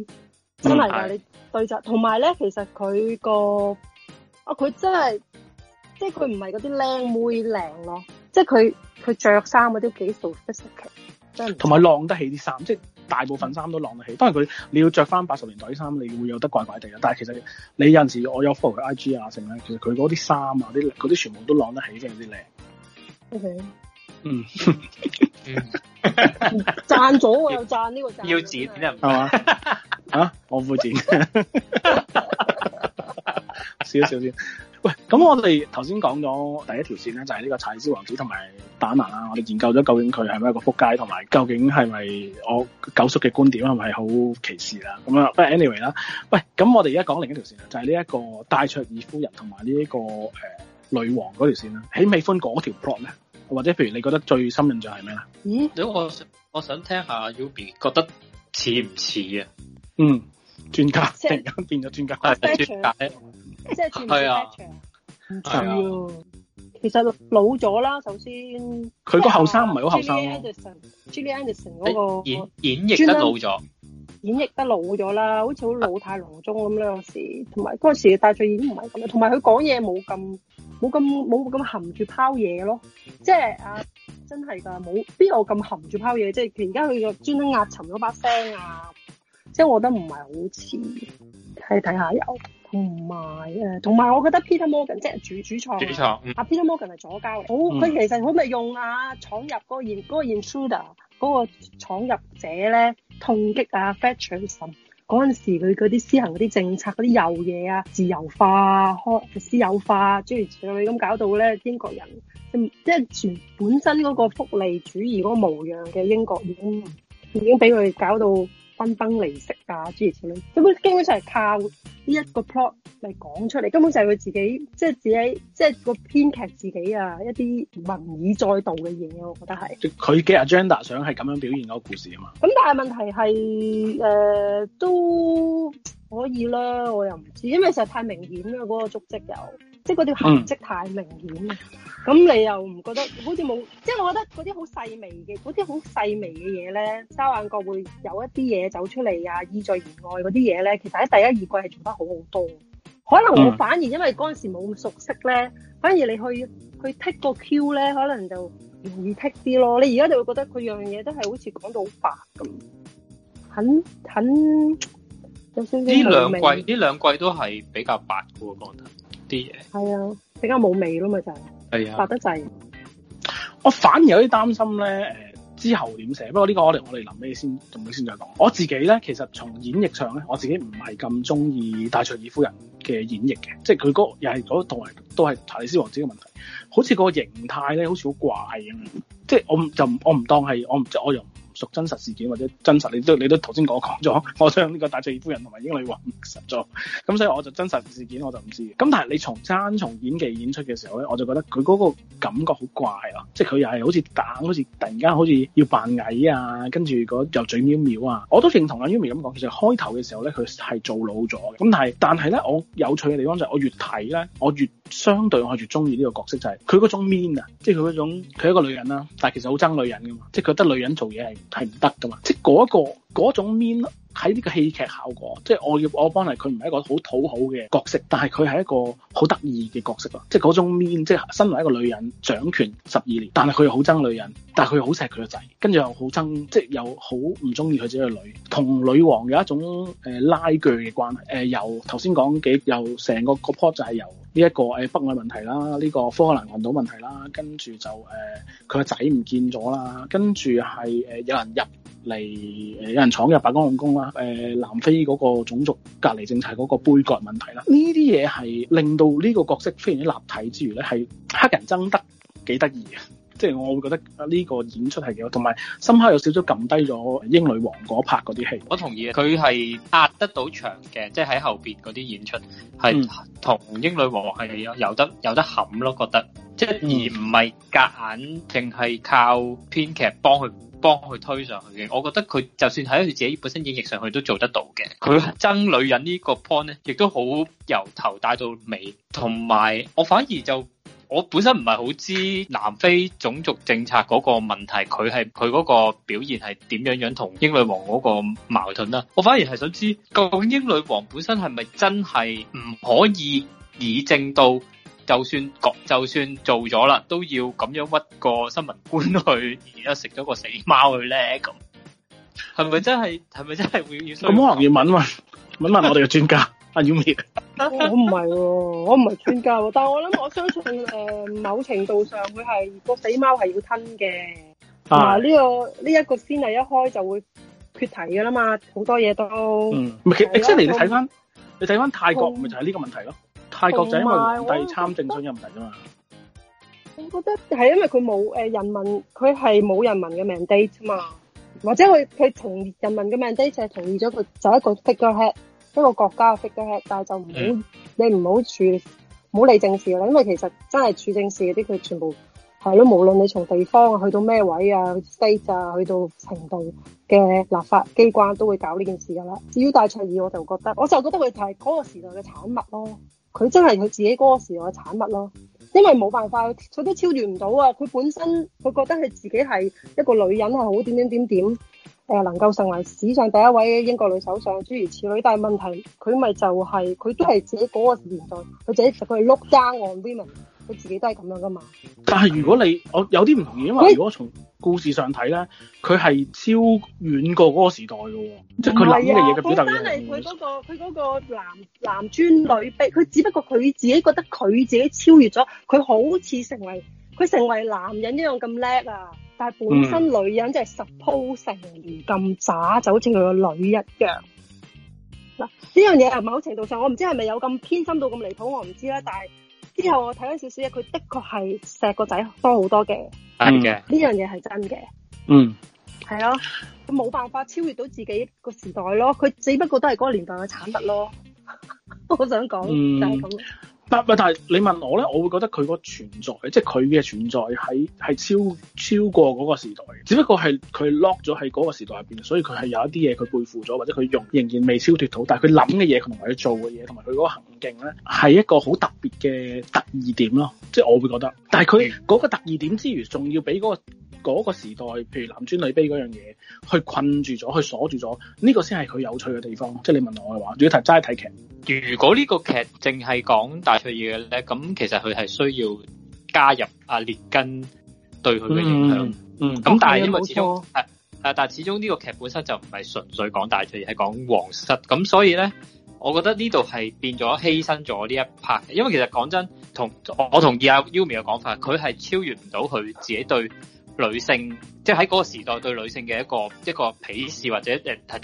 真係嘅、嗯、你對質。同埋呢，其實佢、那個佢、啊、真係即係佢唔係嗰啲靚妹靚咯。即係佢佢着衫嗰啲幾數，真係。同埋晾得起啲衫，即係大部分衫都晾得起。當然佢你要着翻八十年代啲衫，你會有得怪怪地嘅。但係其實你有陣時我有 follow 佢 I G 啊，成啊，其實佢嗰啲衫啊，啲嗰啲全部都晾得起，非有啲靚。O Okay . K，嗯，嗯， <laughs> <laughs> 讚咗我又讚呢個讚，要剪，係嘛？啊， <laughs> <laughs> 我唔剪，少少小喂，咁我哋頭先講咗第一條線咧，就係、是、呢個查理斯王子同埋戴安娜啦，我哋研究咗究竟佢係咪一個仆街，同埋究竟係咪我九叔嘅觀點係咪好歧視啦？咁啊，anyway 啦。喂，咁我哋而家講另一條線啦，就係呢一個戴卓爾夫人同埋呢一個誒、呃、女王嗰條線啦。喜唔喜歡嗰條 plot 咧？或者譬如你覺得最深印象係咩咧？嗯，如果我想我想聽下 Yumi 覺得似唔似啊？嗯，專家突然間變咗專家，專、嗯、家。 <laughs> 即係轉唔得場，唔似啊！其實老咗啦，首先佢個後生唔係好後生，Gillian Anderson 嗰個演演繹得老咗，演繹得老咗啦，好似好老態龍鍾咁啦。有時同埋嗰陣時戴卓爾都唔係咁，同埋佢講嘢冇咁冇咁冇咁含住拋嘢咯。即係啊，真係㗎冇邊度咁含住拋嘢。即係而家佢個專登壓沉咗把聲啊，即係我覺得唔係好似，睇睇下有。同埋同埋我覺得 Peter Morgan 即係主主創，主創，啊、嗯、Peter Morgan 係左膠嚟，好佢、嗯哦、其實好咪用啊，闖入嗰個 intruder 嗰個闖入者咧，痛擊啊 Thatcher 嗰陣時，佢嗰啲施行嗰啲政策嗰啲右嘢啊，自由化、開私有化，諸如此類咁搞到咧，英國人即係全本身嗰個福利主義嗰個模樣嘅英國已經、嗯、已經俾佢搞到。分崩，崩離析㗎，諸如此類，根本基本上係靠呢一個 plot 嚟講出嚟，根本就係佢自己，即係自己，即係個編劇自己啊一啲文以載道嘅嘢，我覺得係佢嘅 agenda 想係咁樣表現嗰個故事啊嘛。咁但係問題係誒、呃、都可以啦，我又唔知，因為實在太明顯啦，嗰個足跡又。即係嗰啲痕跡太明顯，咁、嗯、你又唔覺得好似冇？即係我覺得嗰啲好細微嘅，嗰啲好細微嘅嘢咧，揸眼角會有一啲嘢走出嚟啊，意在言外嗰啲嘢咧，其實喺第一二季係做得好好多，可能反而因為嗰陣時冇咁熟悉咧，嗯、反而你去去剔個 Q 咧，可能就容易剔啲咯。你而家就會覺得佢樣嘢都係好似講到好白咁，很很。呢兩季呢兩季都係比較白嘅，我覺得。啲嘢係啊，比較冇味咯咪就係發得滯。的我反而有啲擔心咧、呃，之後點寫？不過呢個我哋我哋臨尾先同你先再講。我自己咧，其實從演繹上咧，我自己唔係咁中意戴卓爾夫人嘅演繹嘅，即係佢嗰又係嗰同埋都係查理斯王子嘅問題，好似個形態咧，好似好怪咁樣，即係我唔就我唔當係我唔即我又。我屬真實事件或者真實，你都你都頭先講講咗，我想呢個戴卓爾夫人同埋英女皇實咗，咁所以我就真實事件我就唔知咁，但係你從參從演技演出嘅時候咧，我就覺得佢嗰個感覺好怪咯，即係佢又係好似打，好似突然間好似要扮矮啊，跟住、那個、又嘴藐藐啊，我都認同阿 Yumi 咁講，其實開頭嘅時候咧，佢係做老咗嘅。咁但係但係咧，我有趣嘅地方就係我越睇咧，我越相對我越鍾意呢個角色，就係佢嗰種 mean 啊，即係佢嗰種佢一個女人啦，但係其實好憎女人嘅嘛，即係佢得女人做嘢係。係唔得噶嘛，即係嗰一個。嗰種 mean 喺呢個戲劇效果，即、就、係、是、我要我幫你。佢唔係一個好討好嘅角色，但係佢係一個好得意嘅角色咯。即係嗰種 mean，即係身為一個女人掌權十二年，但係佢又好憎女人，但係佢又好錫佢個仔，跟住又好憎，即係又好唔中意佢自己嘅女，同女王有一種、呃、拉鋸嘅關係。誒由頭先講幾，由成、這個個 plot 就係由呢一個誒北愛問題啦，呢、這個科克蘭群島問題啦，跟住就誒佢個仔唔見咗啦，跟住係誒有人入嚟誒有人闖入白宮用功啦，誒、呃、南非嗰個種族隔離政策嗰個杯葛問題啦、啊，呢啲嘢係令到呢個角色非常之立體之餘咧，係黑人爭得幾得意嘅，即係我會覺得呢個演出係幾好，同埋深刻有少少撳低咗英女王嗰拍嗰啲戲。戲我同意佢係壓得到場嘅，即係喺後邊嗰啲演出係同英女王係有得有得冚咯，覺得即係而唔係夾硬，淨係、嗯、靠編劇幫佢。幫佢推上去嘅，我覺得佢就算喺佢自己本身演繹上去都做得到嘅。佢憎女人呢個 point 咧，亦都好由頭帶到尾。同埋我反而就我本身唔係好知南非種族政策嗰個問題，佢係佢嗰個表現係點樣樣同英女皇嗰個矛盾啦。我反而係想知究竟英女皇本身係咪真係唔可以以正到？就算就算做咗啦，都要咁樣屈個新聞官去，而家食咗個死貓去咧，咁係咪真係？係咪真係會要？咁可能，要問一問，問一問我哋嘅專家阿 Yumi，我唔係，我唔係專家，但係我諗，我相信誒，某程度上佢係個死貓係要吞嘅。嗱，呢個呢一個先係一開就會脫題噶啦嘛，好多嘢都，唔係其實，exactly 你睇翻，你睇翻泰國，咪就係呢個問題咯。泰國就因為第係參政信任嚟噶嘛，我覺得係因為佢冇誒人民，佢係冇人民嘅 mandate 啊嘛，或者佢佢同人民嘅 mandate 就係同意咗佢就一個 figure head 一個國家嘅 figure head，但係就唔好，嗯、你唔好處理唔好理政事啦，因為其實真係處政事嗰啲佢全部係咯，無論你從地方去到咩位啊，state 啊，去到程度嘅立法機關都會搞呢件事噶啦。至於戴卓爾，我就覺得我就覺得佢就係嗰個時代嘅產物咯。佢真係佢自己嗰個時代嘅產物咯，因為冇辦法，佢都超越唔到啊！佢本身佢覺得佢自己係一個女人係好點點點點，誒、呃、能夠成為史上第一位英國女首相，諸如此類。但係問題佢咪就係、是、佢都係自己嗰個年代，佢自己佢係 look down on women。自己都係咁樣噶嘛？但係如果你我有啲唔同意，因為如果從故事上睇咧，佢係超遠過嗰個時代噶，啊、即係佢嘅嘢嘅標準。但係佢嗰個，佢嗰個男男尊女卑，佢只不過佢自己覺得佢自己超越咗，佢好似成為佢成為男人一樣咁叻啊！但係本身女人即係 suppose 成年咁渣，就好似佢個女一樣。嗱呢、嗯、樣嘢啊，某程度上我唔知係咪有咁偏心到咁離譜，我唔知啦，但係。之後我睇翻少少嘢，佢的確係錫個仔多好多嘅，係嘅、嗯的，呢樣嘢係真嘅，嗯，係咯，佢冇辦法超越到自己個時代咯，佢只不過都係嗰個年代嘅產物咯，我想講、嗯、就係咁。但係，但你問我咧，我會覺得佢個存在，即係佢嘅存在係係超超過嗰個時代，只不過係佢 lock 咗喺嗰個時代入邊，所以佢係有一啲嘢佢背負咗，或者佢用仍然未超脫到，但係佢諗嘅嘢，同埋佢做嘅嘢，同埋佢嗰個行徑咧，係一個好特別嘅特異點咯。即係我會覺得，但係佢嗰個特異點之餘，仲要俾嗰、那個。嗰個時代，譬如男尊女卑嗰樣嘢，去困住咗，去鎖住咗，呢、這個先係佢有趣嘅地方。即係你問我嘅話，主題齋睇劇。如果呢個劇淨係講戴卓爾嘅咧，咁其實佢係需要加入阿、啊、列根對佢嘅影響、嗯。嗯，咁但係因為始終錯、啊，但係始終呢個劇本身就唔係純粹講戴卓爾，係講皇室。咁所以咧，我覺得呢度係變咗犧牲咗呢一 part。因為其實講真，同我同意阿 Yumi 嘅講法，佢係超越唔到佢自己對。女性，即係喺嗰個時代對女性嘅一個一個鄙視或者誒係看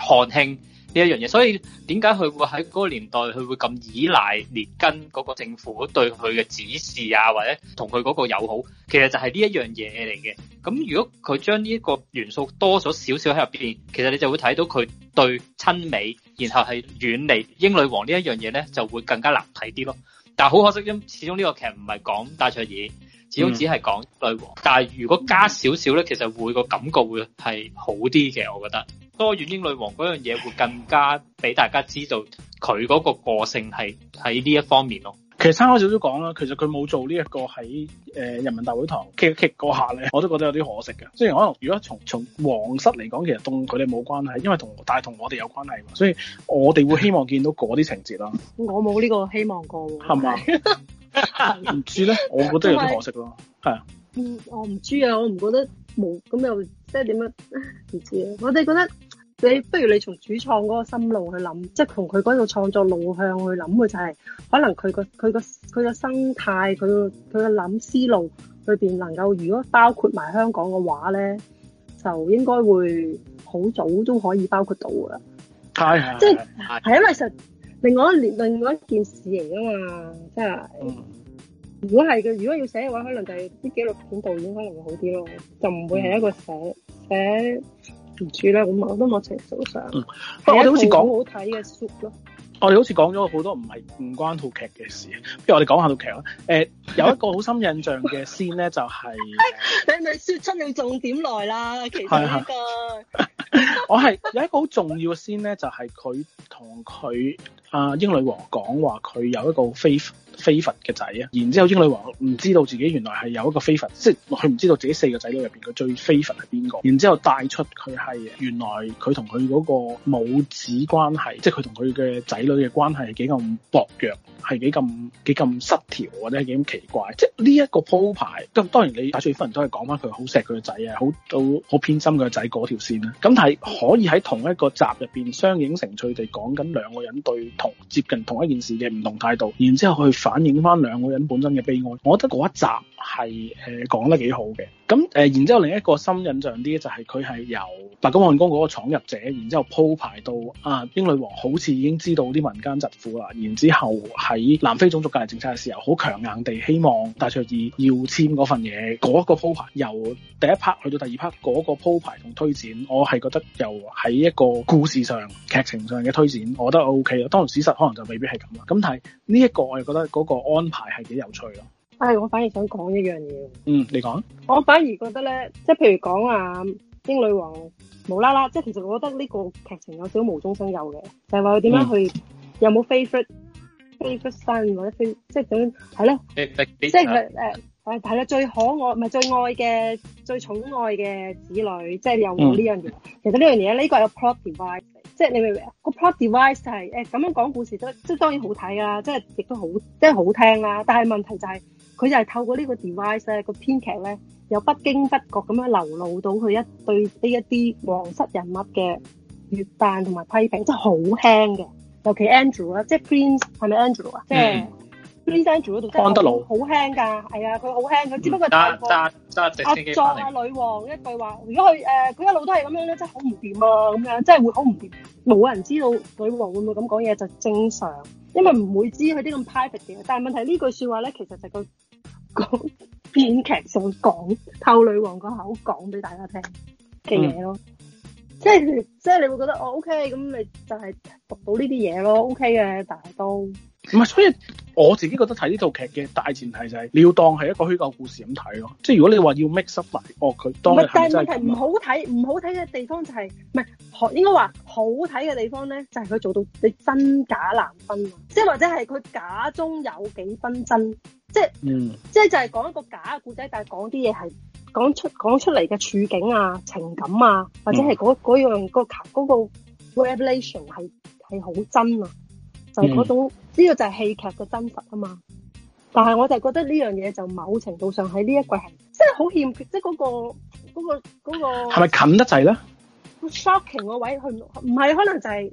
輕呢一樣嘢，所以點解佢會喺嗰個年代佢會咁依賴列根嗰個政府對佢嘅指示啊，或者同佢嗰個友好，其實就係呢一樣嘢嚟嘅。咁如果佢將呢一個元素多咗少少喺入邊，其實你就會睇到佢對親美，然後係遠離英女王呢一樣嘢咧，就會更加難睇啲咯。但係好可惜，因始終呢個劇唔係講戴卓爾。只好只係講女王，嗯、但係如果加少少咧，其實會個感覺會係好啲嘅。我覺得多遠英女王嗰樣嘢會更加俾大家知道佢嗰個個性係喺呢一方面咯。其實三開少少講啦，其實佢冇做呢一個喺誒人民大會堂傾偈，嗰下咧，我都覺得有啲可惜嘅。雖然可能如果從從皇室嚟講，其實同佢哋冇關係，因為同但係同我哋有關係，所以我哋會希望見到嗰啲情節啦。我冇呢個希望過，係咪唔知咧？我覺得有啲可惜咯，係啊為。是嗯，我唔知啊，我唔覺得冇咁又即係點樣唔知啊？我哋覺得。你不如你從主創嗰個心路去諗，即係從佢嗰度創作路向去諗，佢就係、是、可能佢個佢個佢個生態，佢佢個諗思路裏邊能夠，如果包括埋香港嘅話咧，就應該會好早都可以包括到噶係係即係係因為實另外一另外一件事嚟噶嘛即係、嗯、如果係嘅，如果要寫嘅話，可能就係啲紀錄片導演可能會好啲咯，就唔會係一個寫寫。嗯寫唔住咧，我我都冇清手上、嗯、我哋好似講好睇嘅 show 咯。我哋好似講咗好多唔係唔關套劇嘅事。不如我哋講下套劇啦、呃。有一個好深印象嘅 scene 咧， <laughs> 就係、是、 <laughs> 你咪説出你重點來啦。 <laughs> 其實、這個、 <laughs> <laughs> 我係有一個好重要嘅 scene 呢，咧、就是，就係佢同佢。阿英女王講話佢有一個非非佛嘅仔啊，然之後英女王唔知道自己原來係有一個非佛，即係佢唔知道自己四個仔女入面嘅最非佛係邊個，然之後帶出佢係原來佢同佢嗰個母子關係，即係佢同佢嘅仔女嘅關係係幾咁薄弱，係幾咁幾咁失調或者幾咁奇怪，即係呢一個鋪排咁。當然你戴卓爾夫人都係講翻佢好錫佢個仔啊，好好好偏心佢個仔嗰條線啦。咁但係可以喺同一個集入面相映成趣地講緊兩個人對接近同一件事嘅唔同態度，然之後去反映翻兩個人本身嘅悲哀。我覺得嗰一集係誒講得幾好嘅。咁誒，然之後另一個深印象啲就係佢係由白金漢宮嗰個闖入者，然之後鋪排到啊英女王好似已經知道啲民間疾苦啦，然之後喺南非種族隔離政策嘅時候，好強硬地希望戴卓爾要簽嗰份嘢，嗰、那個鋪排由第一 part 去到第二 part 嗰、那個鋪排同推展，我係覺得由喺一個故事上、劇情上嘅推展，我覺得 O K 啦。當然事實可能就未必係咁啦。咁但係呢一個，我又覺得嗰個安排係幾有趣咯。誒，我反而想講一樣嘢。嗯，你講。我反而覺得咧，即係譬如講啊，英女王，無啦啦，即係其實我覺得呢個劇情有少少無中生有嘅，就係話佢點樣去、嗯、有冇 favorite favorite son 或者 favorite，即係點係咧？即係誒係係啦，就是嗯、最可愛唔係最愛嘅最寵愛嘅子女，即係有冇呢樣嘢。嗯、其實呢樣嘢呢個係 plot device，即係你明唔明？個 plot device 係誒咁樣講故事都即係當然好睇啊，即係亦都好即係好聽啦、啊。但係問題就係、是。佢就係透過呢個 device 咧，個編劇咧，又不經不覺咁樣流露到佢一對呢一啲皇室人物嘅月旦同埋批評，真係好輕嘅。尤其 Andrew 啦、嗯，即係 Prince 係咪 Andrew 好好輕嘅啊？即係 Prince Andrew 嗰度，康德魯好輕㗎。係啊，佢好輕。佢只不過啊啊作啊女王一句話，如果佢誒佢一路都係咁樣咧，真係好唔掂啊！咁樣真係會好唔掂。冇人知道女王會唔會咁講嘢就正常，因為唔會知佢啲咁 private 嘅。但係問題句呢句説話咧，其實就係個。講編劇想講，透女王個口講俾大家聽嘅嘢咯，嗯、即係即係你會覺得哦，OK，咁你就係讀到呢啲嘢咯，OK 嘅，但係都唔係，所以我自己覺得睇呢套劇嘅大前提就係、是、你要當係一個虛構故事咁睇咯，即係如果你話要 make up 埋，哦佢當係不行但係問題唔好睇，唔好睇嘅地方就係唔係，應應該話好睇嘅地方咧，就係、是、佢做到你真假難分，即係或者係佢假中有幾分真。即係，即係就係講一個假嘅故仔，但係講啲嘢係講出講出嚟嘅處境啊、情感啊，或者係嗰嗰樣嗰、嗰個、嗰個 revelation 係係好真啊，就嗰種呢個就係戲劇嘅真實啊嘛。但係我就係覺得呢樣嘢就某程度上喺呢一季係，即係好欠缺，即係嗰、嗰個嗰、嗰個嗰、嗰個係咪近得滯咧？shocking 個位佢唔係可能就係、是。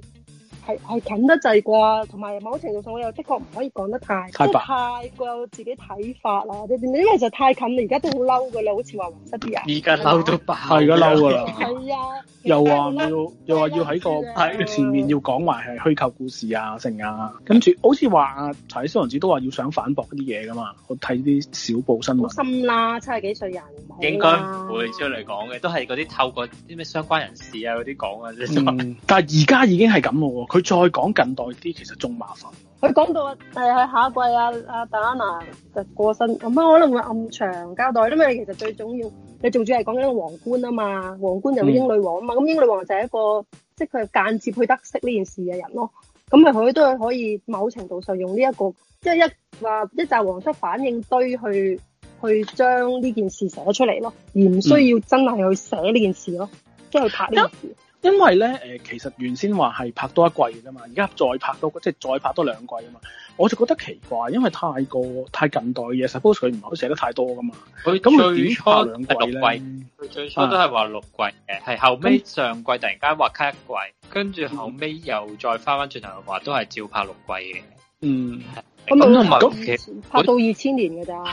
係係近得滯啩，同埋某程度上我又的確唔可以講得太，即係太，太過自己睇法啦。你因為就太近喇，而家都好嬲噶啦，好似話皇室啲人，而家嬲到爆，係而家嬲噶啦，係啊，又話要又話要喺個的前面要講埋係虛構故事啊，成啊，跟住好似話啊柴小王子都話要想反駁啲嘢噶嘛，我睇啲小報新聞，心啦，七十幾歲人，應該會出嚟講嘅，都係嗰啲透過啲咩相關人士啊嗰啲講啊，但係而家已經係咁咯喎。佢再講近代啲，其實仲麻煩。佢講到誒喺下一季阿阿戴安娜就過身，咁可能會暗場交代，因為其實最重要，你仲主要係講緊個王冠啊嘛，王冠又英女王啊嘛，咁、嗯嗯、英女王就係一個即係佢間接去得悉呢件事嘅人咯。咁佢都係可以某程度上用呢、這個就是、一個即係一話一紮皇室反應堆去去，去將呢件事寫出嚟咯，而唔需要真係去寫呢件事咯，即係、嗯、拍呢件事。嗯因為咧，誒、呃，其實原先話係拍多一季嘅啫嘛，而家再拍多，即係再拍多兩季啊嘛，我就覺得奇怪，因為太過太近代嘅嘢，suppose 佢唔好寫得太多噶嘛。佢咁佢點拍兩季咧？佢最初都係話六季嘅，係、啊、後尾上季突然間話 cut 一季，跟住、嗯、後尾又再翻翻轉頭話都係照拍六季嘅。嗯，我冇拍到二千，拍到二千年嘅咋。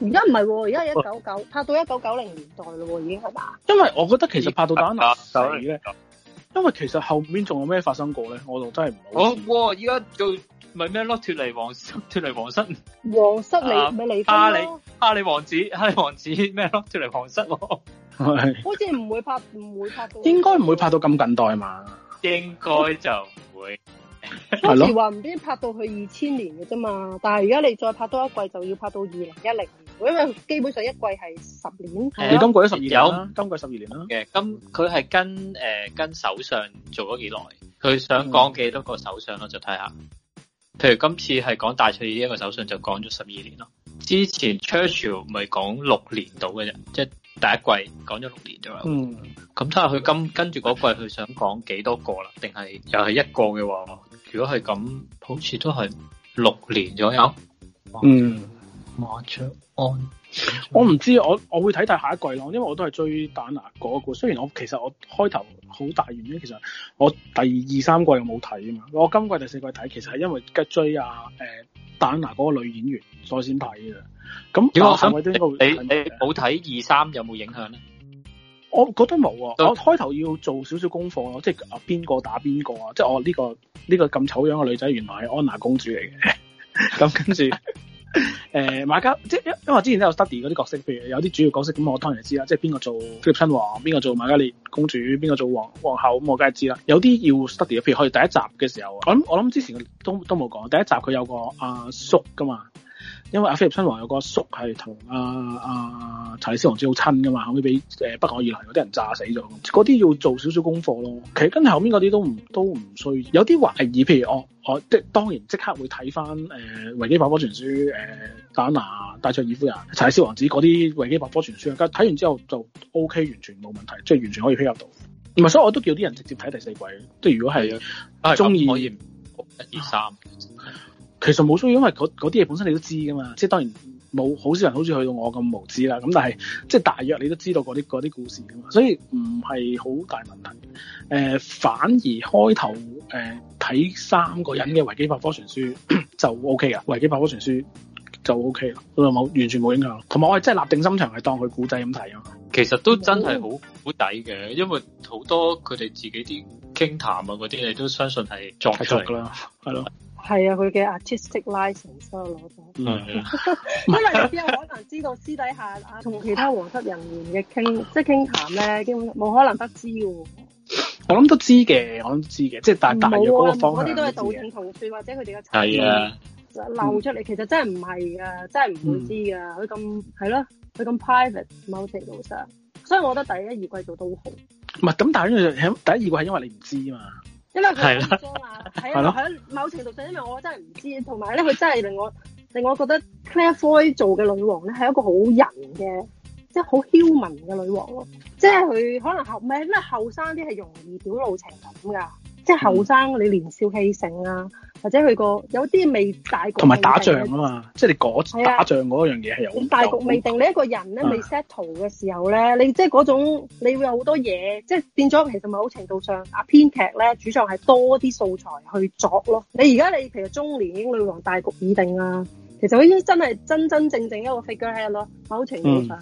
而家唔係，而家一九九拍到一九九零年代咯，已經係嘛？因為我覺得其實拍到戴安娜、啊、死咧，因為其實後面仲有咩發生過咧，我就真係唔好。好哇、哦，依家就咪咩咯，脫離皇脫離皇室，脫離皇室你咪離婚咯？哈利哈利王子，哈利王子咩咯？脫離皇室、啊，是好似唔會拍，唔會拍到。應該唔會拍到咁近代嘛？應該就唔會。 <laughs> <laughs> 當時話唔畀你拍到去二千年嘅啫嘛，但係而家你再拍多一季就要拍到二零一零，因為基本上一季係十年。你、嗯、今季都十二年，今季十二年啦。嘅今佢係、嗯、跟誒、呃、跟首相做咗幾耐？佢想講幾多個首相咯？嗯、就睇下。譬如今次係講戴卓爾呢一個首相就講咗十二年咯。之前 Churchill 咪講六年度嘅啫，即係第一季講咗六年左右。左右，嗯，咁睇、嗯、下佢今跟住嗰季佢想講幾多個啦？定係又係一個嘅話？如果係咁，好似都係六年左右。嗯，馬卓安，我唔知，我我會睇睇下一季咯，因為我都係追《蛋拿》嗰個。雖然我其實我開頭好大原因，其實我第二三季又冇睇啊嘛。我今季第四季睇，其實係因為跟追阿誒蛋拿嗰個女演員所看的，所以先睇嘅。咁係咪？你你冇睇二三有冇影響咧？我覺得冇啊！我開頭要做少少功課咯，即係啊邊個打邊個啊！即係我呢、呢個呢、呢個咁醜樣嘅女仔，原來係安娜公主嚟嘅。咁 <laughs> 跟住誒馬嘉，即係因為我之前都有 study 嗰啲角色，譬如有啲主要角色咁，我當然知啦。即係邊個做菲臘親王，邊個做瑪嘉烈公主，邊個做王皇后咁，我梗係知啦。有啲要 study 嘅，譬如可能第一集嘅時候，我諗我諗之前都都冇講。第一集佢有個阿、呃、叔噶嘛。因為阿菲臘親王有個叔係同阿阿查理斯王子好親噶嘛，後尾俾誒北愛爾蘭有啲人炸死咗，嗰啲要做少少功課咯。其實跟後面嗰啲都唔都唔需要，有啲懷疑。譬如我我即當然即刻會睇翻誒《維基百科全書》誒《丹娜》《戴卓爾夫人》《查理斯王子》嗰啲《維基百科全書》。咁睇完之後就 O、OK, K，完全冇問題，即係完全可以飄入到。唔係，所以我都叫啲人直接睇第四季。即如果係中意一二三。啊其實冇錯，因為嗰啲嘢本身你都知噶嘛，即係當然冇好少人好似去到我咁無知啦。咁但係即係大約你都知道嗰啲嗰啲故事噶嘛，所以唔係好大問題。誒、呃，反而開頭誒睇、呃、三個人嘅《維基百科全書》 <coughs> 就 O K 㗎。維基百科全書就、OK》就 O K 啦，冇完全冇影響。同埋我係真係立定心腸係當佢古仔咁睇啊。其實都真係好好抵嘅，哦、因為好多佢哋自己啲傾談啊嗰啲，你都相信係作出嚟噶啦，係咯。係啊，佢嘅 artistic license 攞咗，啊、 <laughs> 因為邊有可能知道私底下啊，同 <laughs> 其他皇室人員嘅傾即係傾談咧，基本冇可能得知喎。我諗都知嘅，我諗都知嘅，即係但係大約嗰個方向我啲、啊、都係道聽途說或者佢哋嘅，係啊，漏出嚟其實真係唔係啊，真係唔會知噶。佢咁係咯，佢咁 private motive 所以我覺得第一二季做都好。唔係咁，但係第一二季係因為你唔知啊嘛。因為佢啊，喺某程度上，因為我真係唔知，同埋咧佢真係令我令我覺得 Claire Foy 做嘅女王咧係一個好人嘅，即係好 human 嘅女王咯，即係佢可能後唔係因後生啲係容易表露情感噶。即係後生，嗯、你年少氣盛啊，或者去過有啲未大局，同埋打仗啊嘛，即係你打仗嗰樣嘢係有咁。大局未定，嗯、你一個人咧未 set 圖嘅時候咧，你即係嗰種，你會有好多嘢，即係變咗。其實某程度上，啊編劇咧主上係多啲素材去作咯。你而家你其實中年英女王大局已定啊，其實已經真係真真正正一個 figurehead 咯。某程度上，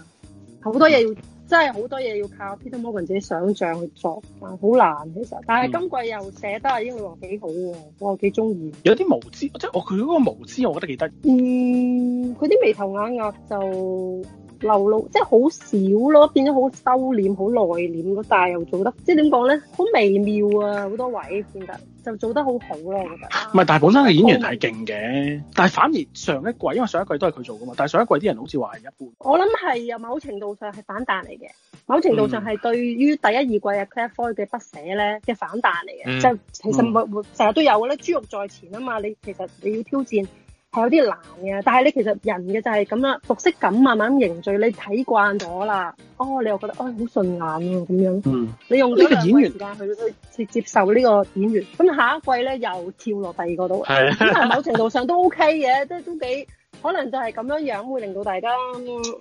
好、嗯、多嘢要。真係好多嘢要靠 Peter Morgan 自己想像去作，但好難其實難。但係今季又寫得阿英女王幾好喎，我幾中意。有啲無知，即係我佢嗰個無知，我覺得幾得意。嗯，佢啲眉頭眼額就流露，即係好少咯，變咗好收斂、好內斂嗰，但係又做得，即係點講咧？好微妙啊，好多位變得。就做得好好咯，我覺得。唔、啊、係，但係本身嘅演員係勁嘅，嗯、但係反而上一季，因為上一季都係佢做噶嘛，但係上一季啲人好似話係一般。我諗係有某程度上係反彈嚟嘅，某程度上係對於第一二季嘅 Claire Foy 嘅不捨咧嘅反彈嚟嘅，嗯、就其實成日、嗯、都有嘅咧，豬肉在前啊嘛，你其實你要挑戰。係有啲難嘅，但係你其實人嘅就係咁樣，熟悉感慢慢凝聚，你睇慣咗啦，哦，你又覺得哦好、哎、順眼啊咁樣。嗯，你用呢個演員時間去去接受呢個演員，咁下一季咧又跳落第二個度，咁啊的某程度上都 OK 嘅，即係 <laughs> 都幾可能就係咁樣樣會令到大家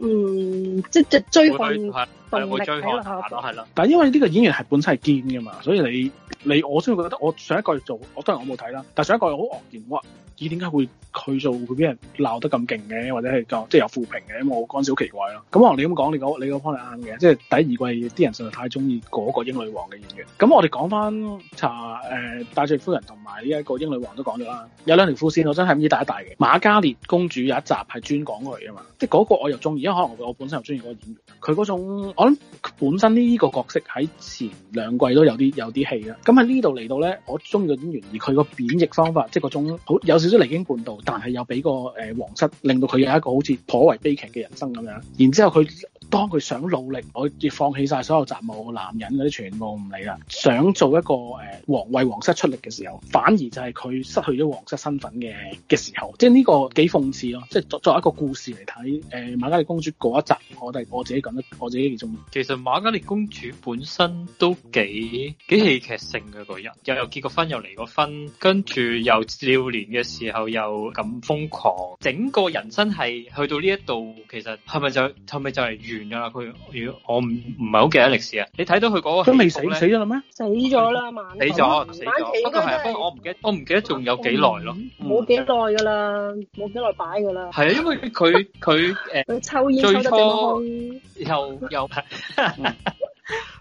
嗯，即係即係追奮奮動力係，但係因為呢個演員係本身係堅嘅嘛，所以你你我先會覺得我上一個月做，我當然我冇睇啦，但係上一個月好惡堅哇。咦？點解會佢做佢俾人鬧得咁勁嘅？或者係即係有負評嘅？因為我幹少奇怪咯。咁我話你咁講，你講你講 point 係啱嘅。即係第二季啲人實在太中意嗰個英女王嘅演員。咁我哋講翻查誒、呃、戴卓爾夫人同埋呢一個英女王都講咗啦。有兩條副線，我真係唔知大一大嘅。瑪嘉烈公主有一集係專講佢啊嘛。即係嗰個我又中意，因為可能我本身又中意嗰個演員。佢嗰種我諗本身呢個角色喺前兩季都有啲有啲戲嘅。咁喺呢度嚟到咧，我中意嘅演員而佢個演繹方法，即係嗰種好有少少離經叛道，但係又俾個誒皇室令到佢有一個好似頗為悲劇嘅人生咁樣。然之後佢當佢想努力，我要放棄晒所有雜務，男人嗰啲全部唔理啦，想做一個誒皇為皇室出力嘅時候，反而就係佢失去咗皇室身份嘅嘅時候，即係呢個幾諷刺咯。即係作作為一個故事嚟睇，誒、呃《瑪嘉烈公主》嗰一集，我哋我自己覺得我自己幾中意。其實《瑪嘉烈公主》本身都幾幾戲劇性嘅一個人，又結過又結過婚又離過婚，跟住又少年嘅時。時候又咁瘋狂，整個人生係去到呢一度，其實係咪就係咪就係完噶啦？佢，我唔唔係好記得歷史啊。你睇到佢嗰個都未死死咗啦咩？死咗啦，嘛死咗。不過係，不過我唔記得，我唔記得仲有幾耐咯。冇幾耐噶啦，冇幾耐擺噶啦。係啊，因為佢佢誒，抽煙抽得正空，又又。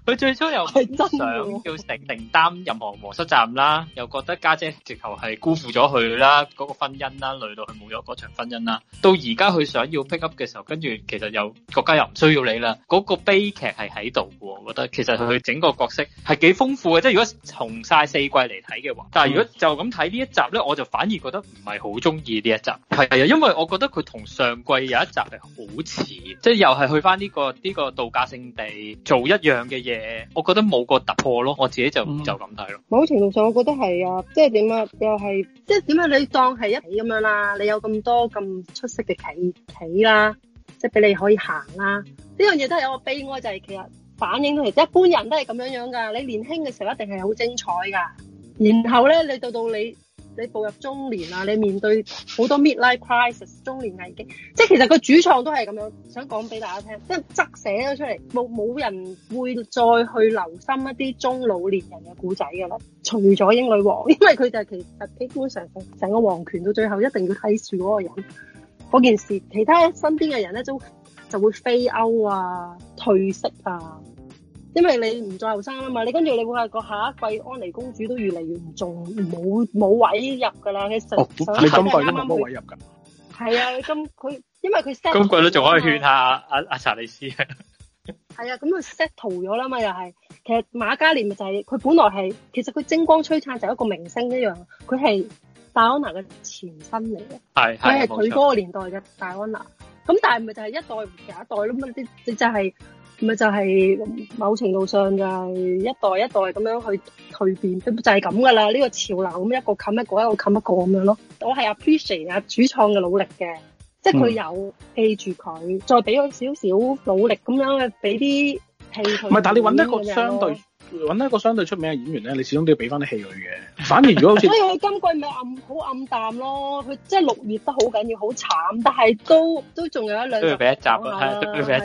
佢最初又係真想要承承擔任何模失責任啦，又覺得家姐直頭係辜負咗佢啦，嗰個婚姻啦，累到佢冇咗嗰場婚姻啦。到而家佢想要 pick up 嘅時候，跟住其實又國家又唔需要你啦。嗰個悲劇係喺度嘅，我覺得其實佢整個角色係幾豐富嘅。即係如果從晒四季嚟睇嘅話，但係如果就咁睇呢一集呢，我就反而覺得唔係好中意呢一集。係啊，因為我覺得佢同上季有一集係好似，即係又係去翻呢個呢個度假勝地做一樣嘅嘢。我覺得冇個突破咯，我自己就不就咁睇咯、嗯。某程度上，我覺得係啊，即係點啊，又係即係點啊，你當係一齊咁樣啦，你有咁多咁出色嘅棋棋啦，即係俾你可以行啦。呢樣嘢都係有個悲哀，就係、是、其實反映到其實一般人都係咁樣樣噶。你年輕嘅時候一定係好精彩噶，然後咧你到到你。你步入中年啊，你面對好多 midlife crisis 中年危機，即係其實個主創都係咁樣想講俾大家聽，即係側寫咗出嚟，冇冇人會再去留心一啲中老年人嘅故仔㗎喇，除咗英女王，因為佢就係其實基本上成個皇權到最後一定要睇住嗰個人嗰件事，其他身邊嘅人咧都就會飛歐啊、退色啊。因為你唔再後生啦嘛，你跟住你會話個下一季安妮公主都越嚟越唔仲冇冇位入噶啦，其實上一季位入㗎？係啊，咁佢因為佢 set 咗，今季都仲可以勸下阿阿查理斯。係啊，咁佢 set 逃咗啦嘛，又係，其實瑪嘉烈咪就係佢本來係，其實佢精光璀璨就一個明星一樣，佢係戴安娜嘅前身嚟嘅，佢係佢嗰個年代嘅戴安娜。對咁但係咪就係一代唔及一代咯？咁啊啲即係咪就係、是、某程度上就係一代一代咁樣去蛻變，就係咁噶啦。呢、呢個潮流咁一個冚一個，一個冚一個咁樣咯。我係 appreciate 啊主創嘅努力嘅，即係佢有記住佢，嗯、再俾咗少少努力咁樣去俾啲戲佢。唔係，但係你揾一個相對。揾一個相對出名嘅演員咧，你始終都要俾翻啲戲佢嘅。反而如果好似， <laughs> 所以佢今季咪暗好暗淡咯。佢即係六月都好緊要，好慘，但係都都仲有一兩集，都要俾一集，一一集啊，都、啊、 <laughs> 要俾一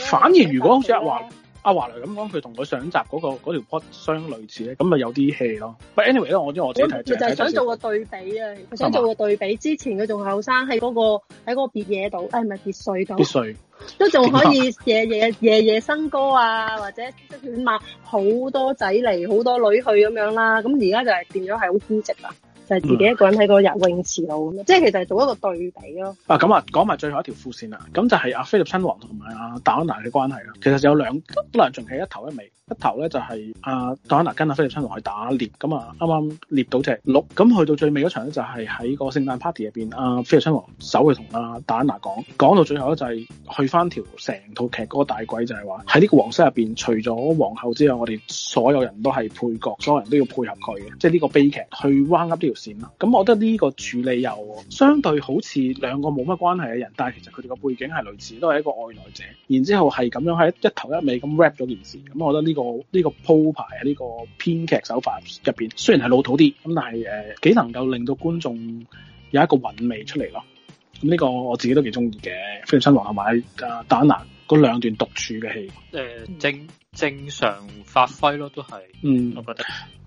集 <laughs> 反而如果好似一話。阿華萊咁講，佢同佢上集嗰、那個嗰條 pot 相類似咧，咁咪有啲戲囉。But 咯。But、anyway 我知我真係就就想做個對比啊！佢想做個對比，對比吧之前佢仲後生，喺嗰、那個喺嗰個別野度，誒唔係別墅島，別歲都仲可以夜夜夜夜樣笙歌啊，或者即係好多仔嚟，好多女去咁樣啦。咁而家就係變咗係好孤寂啦。就係自己一個人喺個游泳池度、嗯、即係其實係做一個對比囉，啊。咁啊，講埋最後一條副線啦，咁就係阿菲臘親王同埋阿戴安娜嘅關係啦。其實有兩粒，仲係一頭一尾。一頭咧就係阿戴安娜跟阿菲臘親王去打獵，咁啊，啱啱獵到隻鹿，咁去到最尾嗰場咧就係喺個聖誕 party 入邊，阿菲臘親王走去同阿戴安娜講，講到最後咧就係、uh, 就是、去翻條成套劇嗰個大鬼。就係話喺呢個皇室入邊，除咗皇后之外，我哋所有人都係配角，所有人都要配合佢嘅，即係呢個悲劇去 wrap up 呢條線啦，咁我覺得呢個處理又相對好似兩個冇乜關係嘅人，但係其實佢哋個背景係類似，都係一個外來者，然之後係咁樣喺一頭一尾咁 wrap 咗件事，咁我覺得呢、這個。這個呢，這個鋪排啊，呢，這個編劇手法入邊，雖然係老土啲，咁但係誒、呃、幾能夠令到觀眾有一個韻味出嚟咯。咁、嗯、呢、嗯、個我自己都幾中意嘅。菲臘親王同埋戴安娜嗰兩段獨處嘅戲，誒、嗯、正正常發揮咯，都係嗯，我覺得。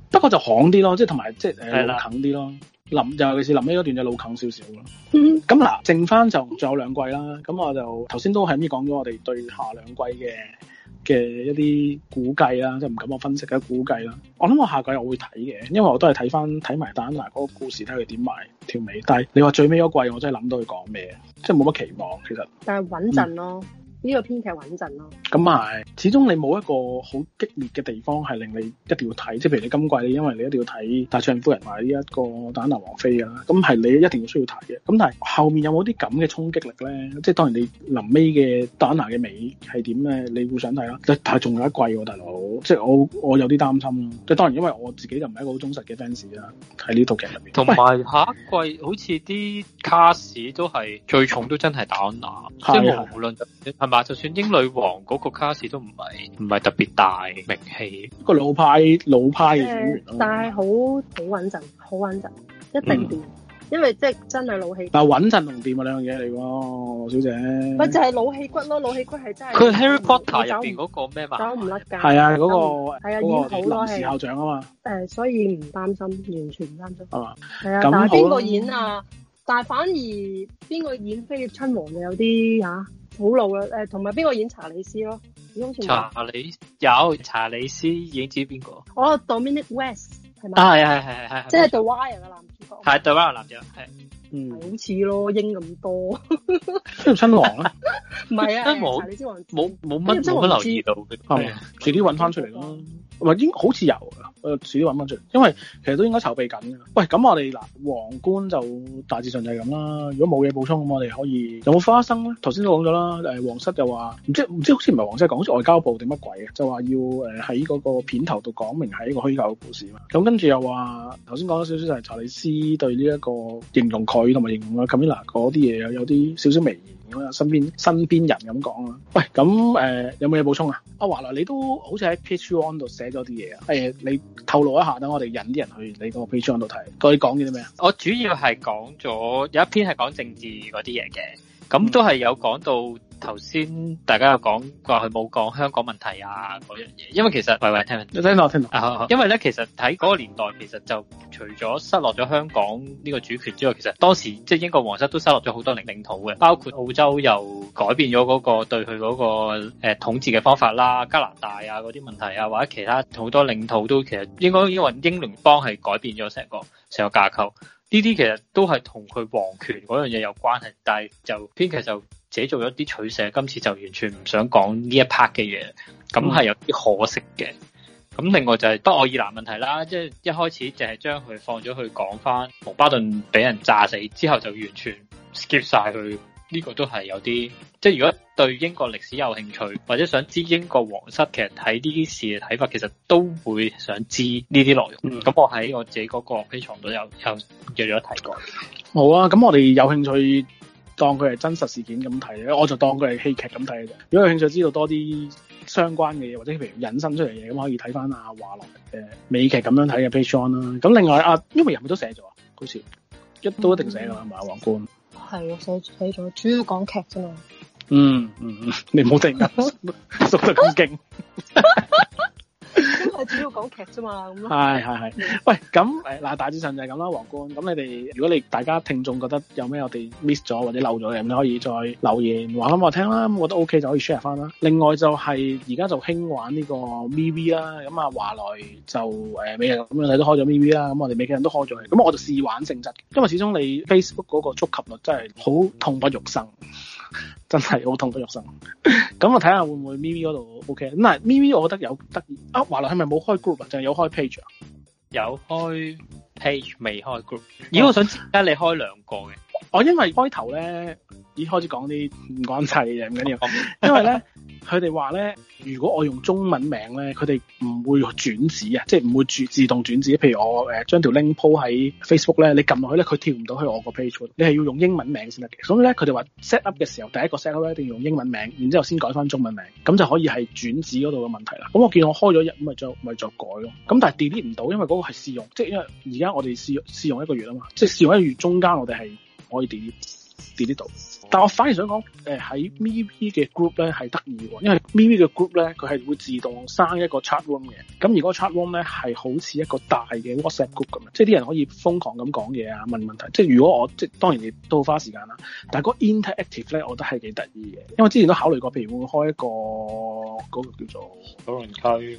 不過就巷啲咯，即係同埋即係誒老啃啲咯。林啦尤其是林尾段就老近少少咯。嗯，咁嗱、嗯，剩翻就仲有兩季啦。咁我就頭先都係咁樣講咗，我哋對下兩季嘅。嘅一啲估計啦，即係唔敢話分析，而係估計啦。我諗我下季我會睇嘅，因為我都係睇翻睇埋單嗱，嗰個故事睇佢點埋條尾。但係你話最尾嗰季，我真係諗到佢講咩，即係冇乜期望其實。但係穩陣咯。嗯呢個編劇穩陣咯，啊，咁咪，始終你冇一個好激烈嘅地方係令你一定要睇，即係譬如你今季，你因為你一定要睇《大丈夫》人》埋呢一個《蛋拿王妃》啊，咁係你一定要需要睇嘅。咁但係後面有冇啲咁嘅衝擊力咧？即係當然你臨尾嘅蛋拿嘅尾係點咧？你會想睇啦。但係仲有一季喎，大佬，即係我我有啲擔心咯。即當然，因為我自己就唔係一個好忠實嘅 fans 啦，喺呢套劇入面。同埋下一季好似啲卡 a 都係最重都真係蛋蛋，即係無論就算英女王嗰個卡士都唔係唔係特別大名氣，個老派老派嘅演員，但係好好穩陣，好穩陣，一定掂，因為即係真係老戲。但係穩陣同掂啊兩樣嘢嚟小姐。咪就係老戲骨咯，老戲骨係真係。佢 Harry Potter 入邊嗰個咩走唔甩噶？係啊，嗰個係啊，演好多史校長啊嘛。誒，所以唔擔心，完全唔擔心。係嘛？係啊，咁好邊個演啊？但係反而邊個演《菲臘親王》有啲吓？好老啦，誒同埋邊個演查理斯咯？查理有查理斯已經知邊個？我 Dominic West 係咪？啊係係係係係，即係 The Wire 嘅男主角。係 The Wire 男仔，係，嗯，好似咯，英咁多，孫春郎啦，唔係啊，冇冇冇乜冇留意到，係遲啲揾翻出嚟咯，唔係應好似有。誒自己揾翻出嚟，因為其實都應該籌備緊嘅。喂，咁我哋嗱，王冠就大致上就係咁啦。如果冇嘢補充，咁我哋可以有冇花生咧？頭先都講咗啦，誒王室又話唔知唔知，好似唔係王室講，好似外交部定乜鬼嘅，就話要誒喺嗰個片頭度講明係一個虛構嘅故事嘛。咁跟住又話頭先講咗少少就係查理斯對呢一個形容佢同埋形容啊卡米拉嗰啲嘢有有啲少少微，微咁啊，身邊身邊人咁講咯。喂，咁誒有冇嘢補充啊？阿華萊，你都好似喺 Page One 度寫咗啲嘢啊。誒，你透露一下，等我哋引啲人去你個 Page One 度睇。你講嘅啲咩啊？我主要係講咗有一篇係講政治嗰啲嘢嘅，咁都係有講到。頭先大家有講過，佢冇講香港問題啊嗰樣嘢，因為其實喂喂，聽到聽，你聽到，我聽到啊、好好因為咧其實喺嗰個年代，其實就除咗失落咗香港呢個主權之外，其實當時即係英國皇室都失落咗好多領土嘅，包括澳洲又改變咗嗰個對佢嗰個統治嘅方法啦，加拿大啊嗰啲問題啊，或者其他好多領土都其實應該因為英聯邦係改變咗成個成個架構，呢啲其實都係同佢皇權嗰樣嘢有關係，但係就編劇就。自己做咗啲取捨，今次就完全唔想講呢一 part 嘅嘢，咁係、嗯、有啲可惜嘅。咁另外就係、是、北愛爾蘭問題啦，即、就、係、是、一開始淨係將佢放咗去講翻蒙巴頓俾人炸死之後，就完全 skip 晒佢，呢個都係有啲，即、就、係、是、如果對英國歷史有興趣，或者想知道英國皇室其實睇呢啲事嘅睇法，其實都會想知呢啲內容。咁、嗯、我喺我自己個 Patreon 都有有約咗提過，冇啊，咁我哋有興趣。當佢係真實事件咁睇咧，我就當佢係戲劇咁睇嘅啫。如果有興趣知道多啲相關嘅嘢，或者譬如引申出嚟嘢，咁可以睇翻阿華萊嘅美劇咁樣睇嘅 Patreon 啦。咁另外啊，因為人物都寫咗，好似一都一定寫噶啦，係咪王冠。係啊，寫咗，主要講劇啫嘛。嗯嗯你唔好定 <laughs> 啊，熟得咁勁。我 <laughs> 主要講劇啫嘛，咁咯。係係係，喂，咁誒嗱，大致上就係咁啦，王冠。咁你哋，如果你大家聽眾覺得有咩我哋 miss 咗或者漏咗嘅，咁你可以再留言話翻我聽啦。咁我覺得 OK 就可以 share 翻啦。另外就係而家就興玩呢個 MeWe 啦。咁啊華萊就誒美劇咁樣睇都開咗 MeWe 啦。咁我哋美劇癮都開咗嘅。咁我就試玩性質，因為始終你 Facebook 嗰個觸及率真係好痛不欲生。 <laughs> 真係好痛 <laughs> 不欲生，咁我睇下會唔會咪咪嗰度 OK？嗱，咪咪我覺得有得意啊，華萊係咪冇開 group 啊，定係有開 page 啊？有開 page，未開 group。咦，我想知，而家你開兩個嘅。 <laughs> 我因為開頭咧已開始講啲唔講曬嘅嘢，唔緊要講。 <laughs> 因為咧佢哋話咧，如果我用中文名咧，佢哋唔會轉址啊，即係唔會自動轉址。譬如我將條、呃、link 鋪喺 Facebook 咧，你撳落去咧，佢跳唔到去我個 page 度。你係要用英文名先得嘅。所以咧佢哋話 set up 嘅時候，第一個 set up 呢一定要用英文名，然之後先改翻中文名，咁就可以係轉址嗰度嘅問題啦。咁我見我開咗日咁咪再咪再改咯。咁但係 delete 唔到，因為嗰個係試用，即係因為而家我哋試用一個月啊嘛，即係試用一個月中間我哋係。可以點點到，但係我反而想講，誒喺 MeWe 嘅 group 咧係得意喎，因為 MeWe 嘅 group 咧佢係會自動生一個 chat room 嘅，咁而個 chat room 咧係好似一個大嘅 WhatsApp group 咁樣，即係啲人可以瘋狂咁講嘢啊，問問題，即係如果我即係當然你都花時間啦，但係嗰個 interactive 咧，我覺得係幾得意嘅，因為之前都考慮過，譬如會開一個嗰、那個叫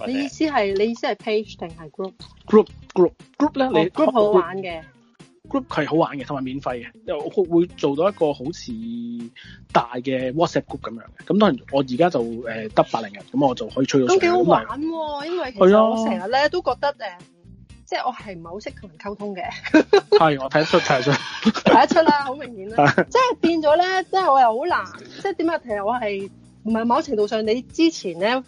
做你意思係你意思係 page 定係 group？group group group 咧，你、oh, group 好玩嘅。group 係好玩嘅，同埋免費嘅，又會做到一個好似大嘅 WhatsApp group 咁樣嘅。咁當然我而家就誒得百零人，咁我就可以吹咗。全都幾好玩喎，因為其實我成日咧都覺得誒，啊、即係我係唔係好識同人溝通嘅。係，我睇得出睇得出睇得 <laughs> 出啦，好明顯啦。 <laughs> 即係變咗咧，即係我又好難， <laughs> 即係點解？其實我係唔係某程度上，你之前咧，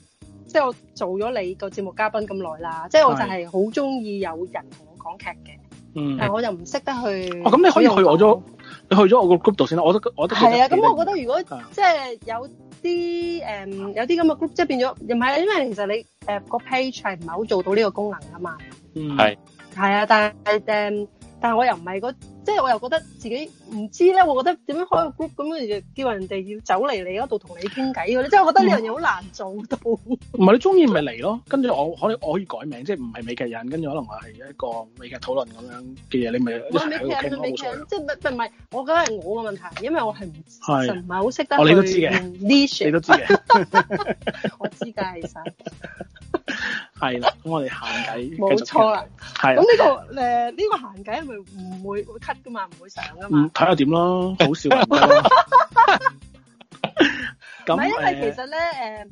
即係我做咗你個節目嘉賓咁耐啦，即係我就係好鍾意有人同我講劇嘅。嗯，但我又唔識得去。哦，咁你可以去我咗，你去咗我個 group 度先啦。我都，我都係啊。咁我覺得如果即係有啲有啲咁嘅 group，即係變咗，又唔係啊，因為其實你個 page 係唔係好做到呢個功能噶嘛？嗯，係，係啊，但係誒，但我又唔係嗰。即係我又覺得自己唔知咧，我覺得點樣開個 group 咁樣就叫人哋要走嚟你嗰度同你傾偈嘅，即係我覺得呢樣嘢好難做到。唔係 <laughs> 你中意咪嚟咯？跟住我可能我可以改名，即係唔係美劇人？跟住可能我係一個美劇討論咁樣嘅嘢，你咪喺度傾咯，冇錯。即係唔係？我覺得係我嘅問題，因為我係唔唔係好識得我你都知嘅。你都知嘅，我知嘅，其實係啦。咁我哋行偈，冇錯啦。係咁呢個誒呢 okay.、呃呢個行偈係咪唔會？會咁嘛，唔會上噶嘛。嗯，睇下點咯，好笑。咁，唔係，因為其實咧，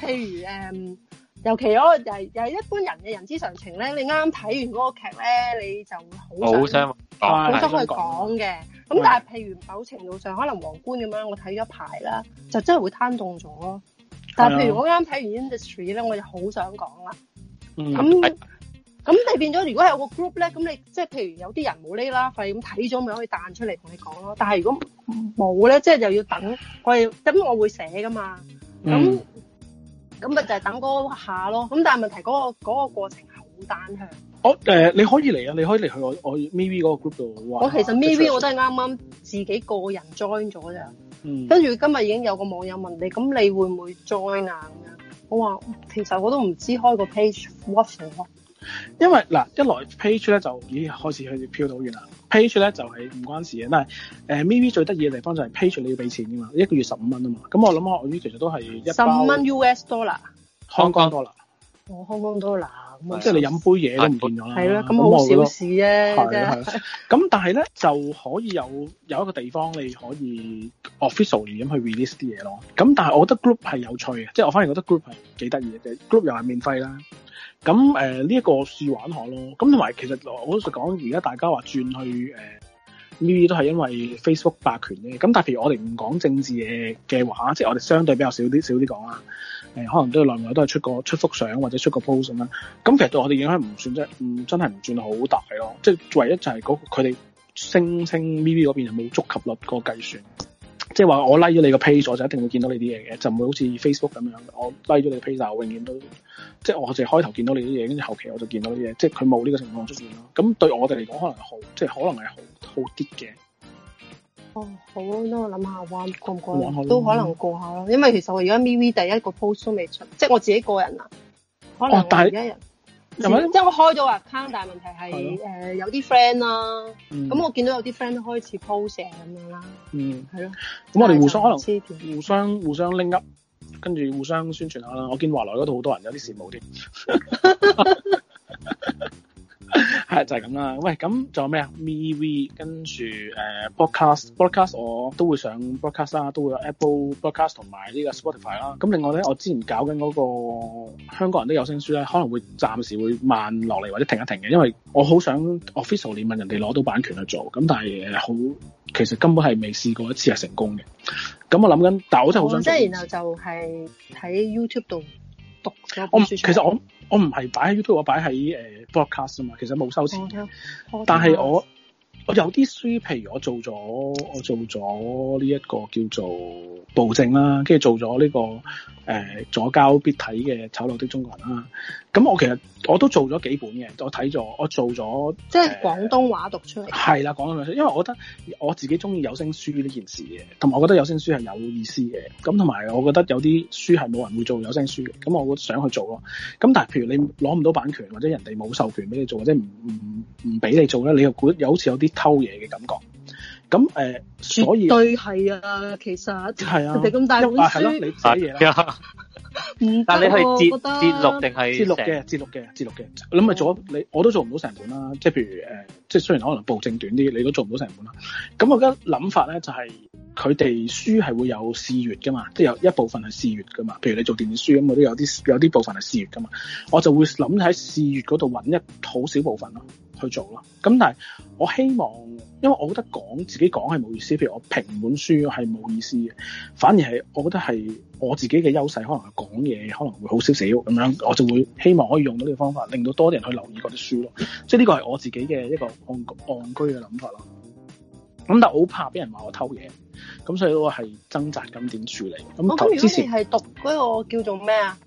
誒，譬如誒，尤其嗰個又係一般人嘅人之常情咧，你啱啱睇完嗰個劇咧，你就好想，好多可以講嘅。咁但係，譬如某程度上，可能《王冠》咁樣，我睇咗一排啦，就真係會攤凍咗咯。但係，譬如我啱啱睇完《Industry》咧，我就好想講啦。嗯。咁你變咗，如果係個 group 咧，咁你即係譬如有啲人冇呢啦，費咁睇咗咪可以彈出嚟同你講、嗯、咯。但係如果冇咧，即係又要等佢係，咁我會寫噶嘛。咁咁咪就係等嗰下咯。咁但係問題嗰、嗰個嗰、嗰個過程係好單向。我、oh, uh, 你可以嚟啊，你可以嚟去我我 MeWe 嗰個 group 度。我其實 MeWe 我都係啱啱自己個人 join 咗啫。跟住、嗯、今日已經有個網友問你，咁你會唔會 join 呀、啊？我話其實我都唔知開個 page 乜火。因為嗱，一來 page 咧，就已經開始去飄到遠啦。Mm hmm. page 咧就係唔關事嘅，但係誒，MeWe 最得意嘅地方就係 page 你要俾錢噶嘛，一個月十五蚊啊嘛。咁我諗我呢其實都係一十五蚊 US dollar，香港 Hong Kong, Hong Kong dollar，我香港 dollar。即係你飲杯嘢都唔見咗啦，係啦，咁好小事啫啊。咁但係咧，就可以有有一個地方你可以 officially 咁去 release 啲嘢咯。咁但係我覺得 group 係有趣嘅，即係我反而覺得 group 係幾得意嘅啫。group 又係免費啦。咁呢一個試玩下咯。咁同埋其實我老實講而家大家話轉去誒，MeWe、呃、都係因為 Facebook 霸權咧。咁但係譬如我哋唔講政治嘢嘅話，即係我哋相對比較少啲少啲講啦。嗯、可能都係內外都係出個出幅相或者出個 post 咁啦，咁其實對我哋影響唔算即係，唔、嗯、真係唔算好大咯。即係唯一就係嗰佢哋聲稱 V V 嗰邊係冇觸及率個計算，即係話我 like 咗你個 page 我就一定會見到你啲嘢嘅，就唔會好似 Facebook 咁樣，我 like 咗你個 page 我永遠都即係我自開頭見到你啲嘢，跟住後期我就見到啲嘢，即係佢冇呢個情況出現咯。咁對我哋嚟講，可能係好，即係可能係好好啲嘅。哦，好、啊，等我諗下，話過唔過都可能過下囉，嗯、因為其實我而家 MeWe 第一個 post 都未出，即係我自己個人啊，可能而家人，哦、即係我開咗 account，但係問題係誒、呃、有啲 friend 啦、啊，咁、嗯嗯、我見到有啲 friend 都開始 post 咁樣啦，嗯，係咯，咁我哋互相可能互相互相拎一，跟住互相宣傳下啦，我見華萊嗰度好多人有，有啲羨慕添係 <laughs> 就係咁啦，喂，咁仲有咩啊？MeWe 跟住誒，podcast、呃、podcast 我都會上 podcast 啦，都會有 Apple podcast 同埋呢個 Spotify 啦。咁另外咧，我之前搞緊嗰個香港人的有聲書咧，可能會暫時會慢落嚟或者停一停嘅，因為我好想 officially 問人哋攞到版權去做，咁但係好其實根本係未試過一次係成功嘅。咁我諗緊，但係我，我真係好想做，即係然後就係喺 YouTube 度讀嗰其實我。我唔係擺喺 YouTube，我擺喺誒、呃、broadcast 啊嘛，其實冇收錢，嗯嗯、但係我。我有啲書，譬如我做咗我做咗呢一個叫做《暴政》啦、這個，跟住做咗呢個誒左膠必睇嘅《醜陋的中國人》啦。咁我其實我都做咗幾本嘅，我睇咗我做咗，即係廣東話讀出嚟。係啦、呃，廣東話讀出嚟，因為我覺得我自己中意有聲書呢件事嘅，同埋我覺得有聲書係有意思嘅。咁同埋我覺得有啲書係冇人會做有聲書嘅，咁我想去做咯。咁但係譬如你攞唔到版權，或者人哋冇授權俾你做，或者唔唔唔俾你做咧，你又估有好似有啲偷嘢嘅感覺，咁誒、呃，所以對係啊，其實佢哋咁大本書，啊啊、你寫嘢啦， <laughs> 但係，你係節節錄定係節錄嘅節錄嘅節錄嘅。嗯、我諗咪做，你我都做唔到成本啦。即係譬如誒、呃，即係雖然可能步政短啲，你都做唔到成本啦。咁我覺得諗法咧，就係佢哋書係會有試閱噶嘛，即係有一部分係試閱噶嘛。譬如你做電子書咁、嗯，我都有啲有啲部分係試閱噶嘛。我就會諗喺試閱嗰度揾一好少部分咯。去做咯，咁但係我希望，因為我覺得講自己講係冇意思，譬如我評本書係冇意思嘅，反而係我覺得係我自己嘅優勢，可能係講嘢可能會好少少咁樣，我就會希望可以用到呢個方法，令到多啲人去留意嗰啲書咯。即係呢個係我自己嘅一個戇戇居嘅諗法咯。咁但係好怕俾人話我偷嘢，咁所以我係掙扎咁點處理。咁我之前係讀嗰個叫做咩、那個、啊？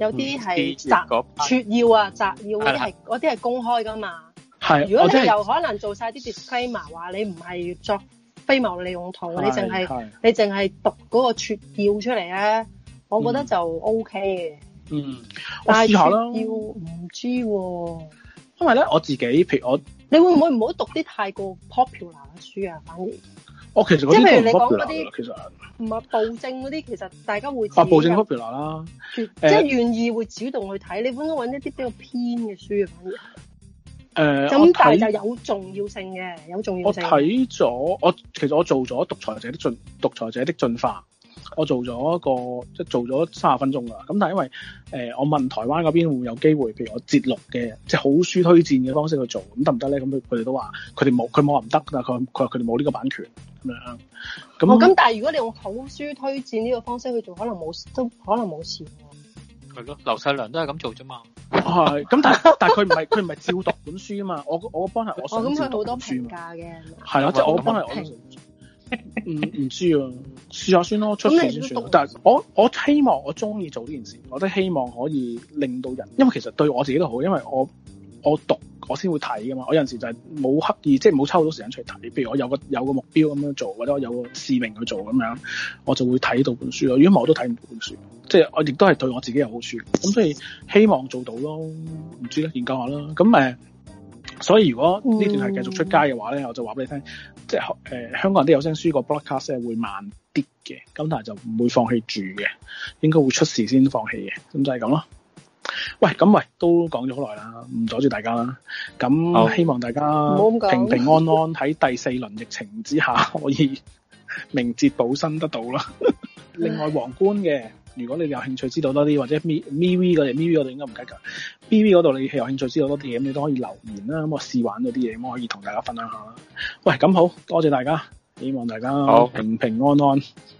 有啲係摘撮要啊，摘要嗰啲係啲係公開噶嘛？係，如果你又可能做晒啲 disclaimer 話你唔係作非牟利用途，你淨係你淨係讀嗰個撮要出嚟咧，我覺得就 O K 嘅。嗯，但係撮要唔知，因為咧我自己，譬如我你會唔會唔好讀啲太過 popular 嘅書啊？反而我其實嗰啲即係譬如你講嗰啲，其實唔係暴政嗰啲，其實大家會啊暴政 popular 啦，即係願意會主動去睇。你應該揾一啲比較偏嘅書啊，反而。誒咁但係就有重要性嘅，看有重要性。我睇咗，我其實我做咗《獨裁者的進獨裁者的進化》，我做咗一個即係做咗三十分鐘啦。咁但係因為誒、呃，我問台灣嗰邊會有機會，譬如我節錄嘅即係好書推薦嘅方式去做，咁得唔得咧？咁佢哋都話佢哋冇，佢冇話唔得，但佢佢話佢哋冇呢個版權咁樣。咁咁、哦、但係如果你用好書推薦呢個方式去做，可能冇都可能冇事。係咯，劉細良都係咁做啫嘛。係， <laughs> 咁但係但係佢唔係佢唔係照讀本書啊嘛。我我幫下我。哦，咁佢好多評價嘅。係咯的，即係我幫下我。唔唔知啊，試下先咯，出片先算。懂懂但係我我希望我中意做呢件事，我都希望可以令到人，因為其實對我自己都好，因為我。我讀我先會睇噶嘛，我有陣時就係冇刻意，即係冇抽好多時間出去睇。譬如我有個有個目標咁樣做，或者我有個使命去做咁樣，我就會睇到本書咯。如果唔係，我都睇唔到本書。即係我亦都係對我自己有好處。咁所以希望做到咯，唔知咧，研究下啦。咁誒，所以如果呢段係繼續出街嘅話咧，嗯、我就話俾你聽，即係誒、呃、香港人都有聲書個 broadcast 會慢啲嘅，咁但係就唔會放棄住嘅，應該會出事先放棄嘅。咁就係咁咯。喂，咁喂，都講咗好耐啦，唔阻住大家啦。咁希望大家平平安安喺第四輪疫情之下可以明哲保身得到啦。另外王冠嘅，如果你有興趣知道多啲，或者 MeWe 嗰度 MeWe 嗰度應該唔得噶。B V 嗰度你有興趣知道多啲，咁你都可以留言啦。咁我試玩咗啲嘢，我可以同大家分享下啦。喂，咁好，多謝大家，希望大家平平安安。